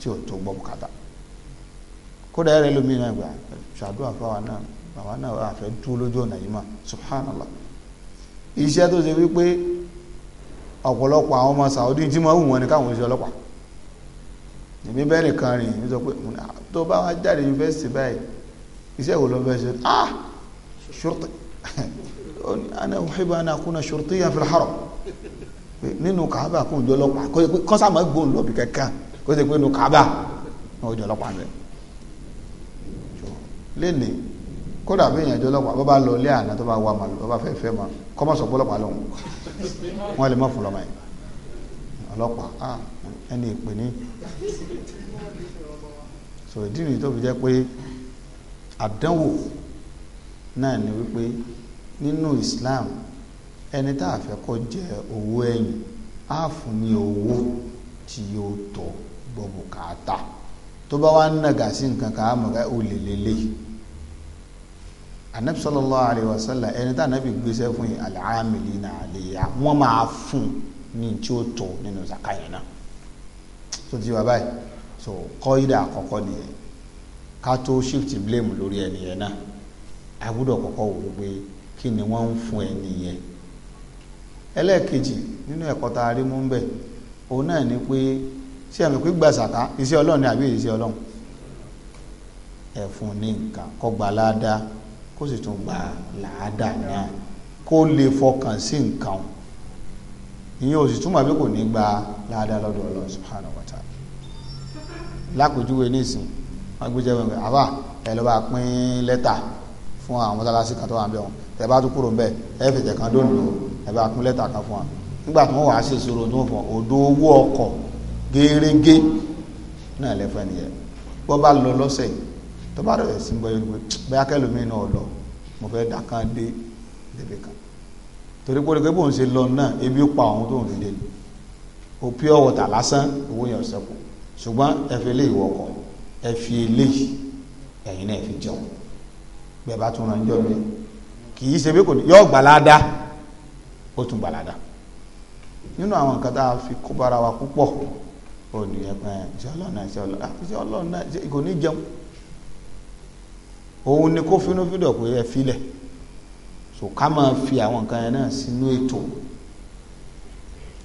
[SPEAKER 1] tí ò tó gbọ́ bùkátà kódà ẹ̀rẹ́ lómi náà ṣàdúrà fáwa náà bàbá náà àfẹ́ dúró lójú ọ̀nà yìí mà subhanallah iṣẹ́ tó ṣe wípé ọ̀pọ̀lọpọ̀ àwọn ọmọ Saudi tí wọ́n wù wọn ni káwọn iṣẹ́ ọlọ́pàá èmi bẹ́ẹ̀ nìkan rìn ní sọ pé ah, tó bá wá jáde yunifásitì báyìí iṣẹ́ wo ló fẹ́ ṣe ah ṣùrùtì (laughs) ana òhìbá ana kúnna ṣùrùtì yẹn fil haram nínú kàábà kún ìjọ ọlọ́pàá kọ́sàmọ́ gbóhùn lọ́bì kankan kó ṣe pé nínú kàábà náà ìjọ ọlọ́pàá rẹ̀ lẹ́nìí kódà bí èèyàn jọ ọlọ́pàá bó bá lọ ilé àná tó bá wà màlúù bó bá fẹ́ fẹ́ ma kọ́ sọ pé ọlọ́pàá lòun lè má fún lọ́mọ yìí ọlọ́pàá ẹni ìpè ní so ìdí nìyí tó fi jẹ́ pé àdánwò náà ni wípé nínú Islam ẹni tá a fẹ́ kọ́ jẹ owó ẹ̀yìn á fún ní owó tí yóò tọ́ gbọ́ tó bá wá ń nàgà sí nǹkan ká ó lè anabi sallallahu alayhi wa sallam ẹni tí anabi gbéṣẹ́ fún yìí alaamili na aleya wọ́n máa fún ní tí ó tó nínú zaka yẹn náà tó ti wá báyìí so kọ́ídà àkọ́kọ́ nìyẹn ká tó shift blame lórí ẹni yẹn náà a gbọ́dọ̀ kọ́kọ́ wò ó pé kí ni wọ́n ń fún ẹni yẹn ẹlẹ́ẹ̀kejì nínú ẹ̀kọ́ tá a rí mú bẹ́ẹ̀ òun náà ni pé ṣé àmì pé gbàsàká iṣẹ́ ọlọ́run ni àbí iṣẹ́ ọlọ́run ẹ̀fún ní nǹkan kọ́ gbà ládàá kó sì tún gba làádà náà kó lè fọkàn sí nǹkan ìyẹn ò sì túmọ̀ pé kò ní gba làádà lọ́dọ̀ Ọlọ́run subhanahu wa ta'ala lákòjúwe nísìn wọn gbéjẹ wọn àbá ẹ lọ bá pín lẹ́tà fún àwọn mọ́tàlásí kan tó wà ń bẹ̀ wọn tẹ bá tún kúrò ń bẹ̀ ẹ fìtẹ̀ kan dòdò ẹ bá pín lẹ́tà kan fún wa nígbà tí wọ́n wàá ṣe ìṣòro tó ń fọ odò owó ọkọ̀ gẹ́gẹ́ náà lẹ́fẹ̀ẹ́ nìyẹn bọ́ bá lọ lọ́sẹ̀ yìí tó bá rẹ̀ sí gbọ́ yóò pé bẹ́ẹ̀ akẹ́lòmíì náà lọ mo fẹ́ dà kan dé débi kan torí pé olùkẹ́ bò ń ṣe lọ náà ebi pa òun tó ń fi dé ni o pure water lásán owó yẹn ṣẹ́kù ṣùgbọ́n ẹ fi eléyìí wọkọ̀ ẹ fi eléyìí ẹ̀yin náà fi jẹun bẹ́ẹ̀ bá tún ránjọ́ mi kì í ṣe bí kò ní yọ gbàládá ó tún gbàládá nínú àwọn nǹkan tá a fi kó bára wa púpọ̀ ò ní ẹ̀pẹ́ iṣẹ́ ọlọ́run náà iṣẹ́ ọlọ́run náà kò ní jẹun òun ni kó finú fídọ̀ pé ẹ filẹ̀ so ká máa fi àwọn nǹkan yẹn náà sínú ètò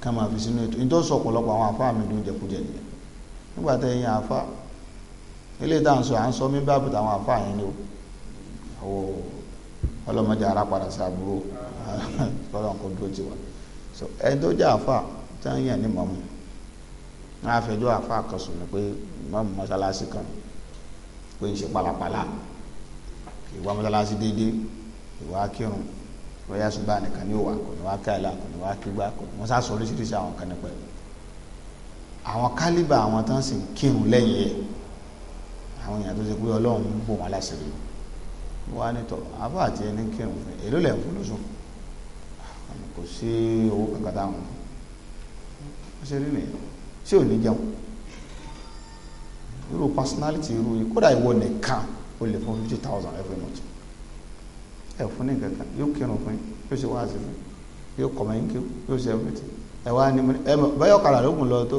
[SPEAKER 1] ká máa fi sínú ètò nítorí sọ ọ̀pọ̀lọpọ̀ àwọn àfa mi ló ń jẹkújẹ nìyẹn nígbà tẹ ẹ̀yin àfa ilé tá à à ń sọ mí bá bùtà àwọn àfa yẹn ni o àwọ ọlọmọdé ara padà sí àbúrò ọlọmọ kò dúró tiwa so ẹni tó jẹ àfa tí wọn yàn ní mọ̀mù wọn á fẹjọ́ àfa kan sùn ní pé mọ̀mù mọ́sálásí kan pé ń ṣe pálapàla ìwà mọ́sálásí déédéé ìwà akírun lọ́yà ṣùgbọ́n nìkan ní òwà kò ní wá káàlà kò ní wá kígbà kò ní wọ́n sá sọ oríṣiríṣi àwọn kan nípa ẹ̀ àwọn kálíbà àwọn tán sì ń kírun lẹ́yìn ẹ̀ àwọn èèyàn tó ṣe pé ọlọ́run ń bò wọn láṣìírí wọ́n á nítọ̀ abọ́ àti ẹni kírun fún èló lẹ̀ ń fún lóṣù kò sí owó kankan táwọn wọ́n ṣe rí nìyẹn ṣé ò ní jẹun irú personality irú yìí kódà ìwọ nìkan Only lè fún fifty thousand every month ẹ fún ní nǹkan kan yóò kírun fún yóò ṣe wáàsí fún yóò kọ̀ mẹ́yìn kí yóò ṣe everything ẹ wá ní ẹ bẹ́ẹ̀ ọ̀kadà ló gùn lọ tó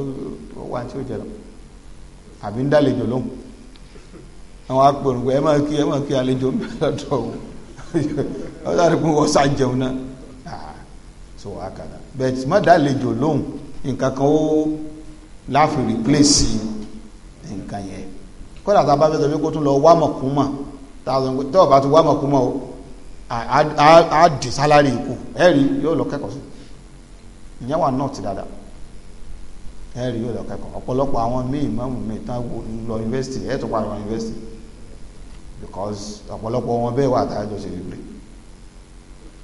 [SPEAKER 1] wá tí ó jẹ lọ àbí ń dálejò lóhùn àwọn akpọ̀rọ̀ pé ẹ máa kí ẹ máa kí àlejò ń bẹ̀rẹ̀ (laughs) lọ́dọ̀ o ọ sáré pé wọ́n sá jẹun náà ah, so akada bẹ́ẹ̀ má dálejò lóhùn nǹkan kan ó láfi replace nǹkan yẹn kódà tá a bá fẹ́ sọ pé kó tún lọ wá mọ̀kúmọ̀ tó o bá ti wá mọ̀kúmọ̀ o á dì sálárì ikú ẹ̀rí yóò lọ kẹ́kọ̀ọ́ sí ìyẹn wà náà ti dáadáa ẹ̀rí yóò lọ kẹ́kọ̀ọ́ ọ̀pọ̀lọpọ̀ àwọn míì mọ́mù míì tán lọ yunifásitì ẹ̀ tó pa lọ yunifásitì because ọ̀pọ̀lọpọ̀ wọn bẹ́ẹ̀ wà táyà jọ ṣe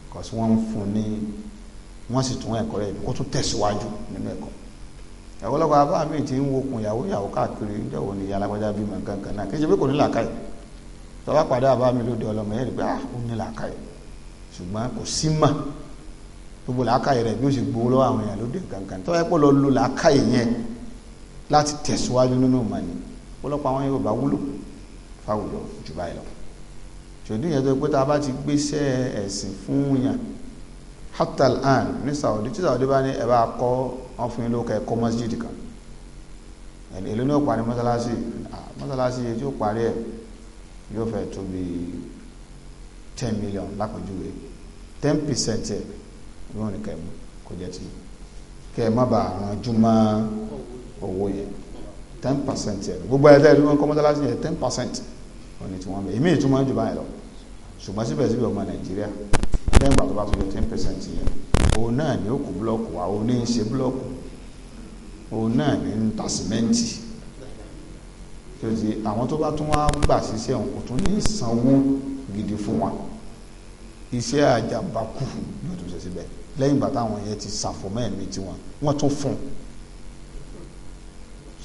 [SPEAKER 1] because wọ́n ń fún ní wọ́n sì tún ẹ̀kọ́ rẹ̀ kó tún tẹ̀síwájú nínú ẹ̀kọ́ ọ̀pọ̀lọpọ̀ abá mi ti ń wokùn ìyàwó ìyàwó káàkiri ń jẹ́wọ́ ní alágbájá bí mọ̀ nǹkan kan náà kí n ṣe pé kò ní làákàyè tọ́wá padà abá mi lóde ọlọ́mọ yẹn rí pé ah, ó ní làákàyè ṣùgbọ́n kò sí mà gbogbo làákàyè rẹ̀ bí ó ṣe gbowó lọ́wọ́ àwọn èèyàn lóde nǹkan kan tọ́wá pọ̀ lọ lo làákàyè yẹn láti tẹ̀síwájú nínú ìmọ̀ni ọ̀pọ̀lọpọ̀ àwọn Yorùbá Saudi tí Saudi bá wọ́n fún yín ló kẹ́ kọ́ mọ́síjìdì kan èlò ní ó parí mọ́sálásí mọ́sálásí tí ó parí ẹ̀ yóò fẹ́ tó bí ten million lápèjúwe ten percent ẹ̀ yóò ní kẹ́ kó jẹ́ ti kẹ́ má bàa ràn júmọ́ owó yẹn ten percent ẹ̀ gbogbo ẹ̀ tẹ́lẹ̀ ló ń kọ́ mọ́sálásí yẹn ten percent wọ́n ní tí wọ́n bẹ̀ èmi ìtumọ̀ jù báyìí lọ ṣùgbọ́n síbẹ̀síbẹ̀ ọmọ Nàìjíríà lẹ́yìn ìgbà bá tó yẹ ten percent yẹn òun náà ní ó kó búlọ́ọ̀kù wá òun ní í ṣe búlọ́ọ̀kù òun náà ní ń ta sìmẹ́ǹtì àwọn tó bá tún wá gbà síṣẹ́ òun kò tún ní sanwó gidi fún wa iṣẹ́ àjàmbákù yóò tún ṣe síbẹ̀ lẹ́yìn bàtà àwọn yẹn ti ṣàfọ̀mọ́ ẹ̀mí tiwọn wọ́n tún fún un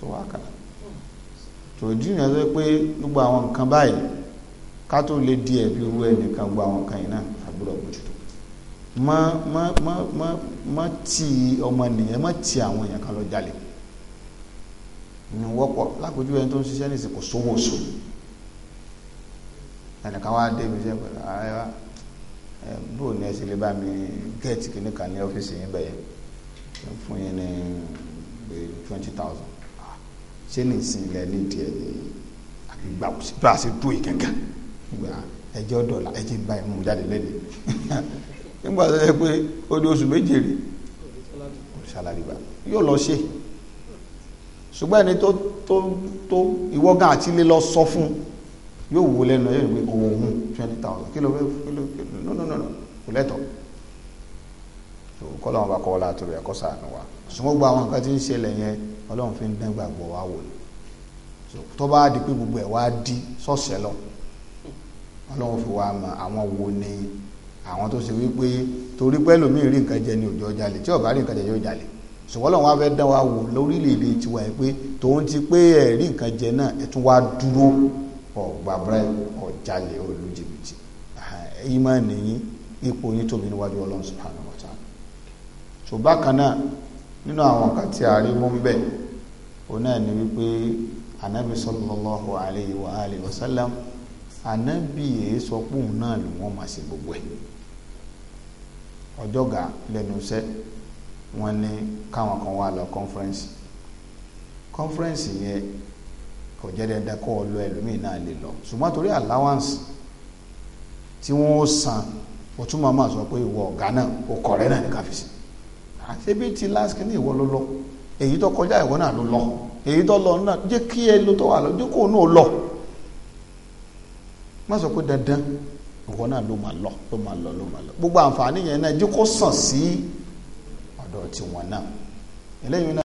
[SPEAKER 1] so wá kàrà tòdí yẹn sọ pé gbogbo àwọn nǹkan báyìí ká tó lè di ẹ̀bi irú ẹnìkan gbogbo àwọn nǹkan yìí náà àgbúrò bójútó ma ma mọ́ mọ́ mọ́ ti ọmọnìyàn mọ́ ti àwọn èèyàn kan lọ jalè ní wọ́pọ̀ lápòjú ẹni tó ń ṣiṣẹ́ nìsín kò sówó oṣù ẹnìkan wá dé ibi iṣẹ́ pẹ̀lú ààrẹ bóò ní ẹsẹ̀ lè bá mi gẹ́ẹ̀tì kìíní kan ní ọ́fíìsì yín bẹ̀yẹ fún yín ní twenty thousand ṣé nìsín ilẹ̀ ní ìdí ẹ̀ ní àgbègbè àkùsí bá a ṣe dúró yìí gángan ẹjẹ́ ọ̀dọ̀ la ẹjẹ́ ń bá ẹ̀ mú jáde lẹ́nu (laughs) nígbà tó yẹ pé ó di oṣù méje rè ṣàlàyé yóò lọ ṣe ṣùgbọ́n ẹni tó tó tó ìwọ́gàn àti ilé lọ sọ fún yóò wò lẹ́nu yóò wí òun twenty thousand kí ló fẹ́ kí ló kí ló no no no kò lẹ́tọ̀ọ́ kọ́lọ́ wọn bá kọ́ wọlé àtúrò ẹ̀kọ́ sàánú wa ṣùgbọ́n gbogbo àwọn nǹkan tí ń ṣẹlẹ̀ yẹn ọlọ́run fi ń dán gbàgbọ́ wa wò ni tó bá di pé gbogbo ẹ̀ wá di sọ́ọ̀sẹ̀ lọ ọlọ́run fi wá mọ àwọn wo ni àwọn tó ṣe wípé torí pé ẹlòmíì rí nǹkan jẹ ní òjò jalè tí ó bá rí nǹkan jẹ yóò jalè ṣùgbọ́n lọ́wọ́ afẹ́ dán wa wò lórílẹ̀‐èdè tiwa ẹ̀ pé tòun ti pé ẹ̀ rí nǹkan jẹ náà ẹ̀ tún wá dúró ọ̀gbà brian ọ̀jalè olùjìbìtì ẹ̀yìn máa nìyí ipò yín tóbi níwájú ọlọ́run subhanahu wa ta'ala ṣùgbọ́n kan náà nínú àwọn nǹkan tí a rí mú ń bẹ̀ òun náà ni wípé anabi sallallahu alayhi wa alihi wa sallam anabi yìí sọ pé òun náà ló wọ́n máa ṣe gbogbo ẹ̀ Ọjọga lẹ́nu iṣẹ́ wọ́n ní káwọn kan wá lọ conference conference yẹn kò jẹ́ dandan kó o lọ ẹlòmíì náà lè lọ ṣùgbọ́n torí allowance tí wọn ó san o tún máa máa sọ pé ìwọ ọ̀gá náà o kọ̀rẹ́ náà ní káfíìsì àti ebi ti last ní ìwọ ló lọ èyí tó kọjá ìwọ náà ló lọ èyí tó lọ náà jẹ́ kí ẹ lo tó wà lọ jẹ́ kó o náà lọ má sọ pé dandan ìwọ náà ló máa lọ ló máa lọ ló máa lọ gbogbo àǹfààní yẹn náà jí kó sàn sí ọ̀dọ̀ tiwọn náà eléyìí náà.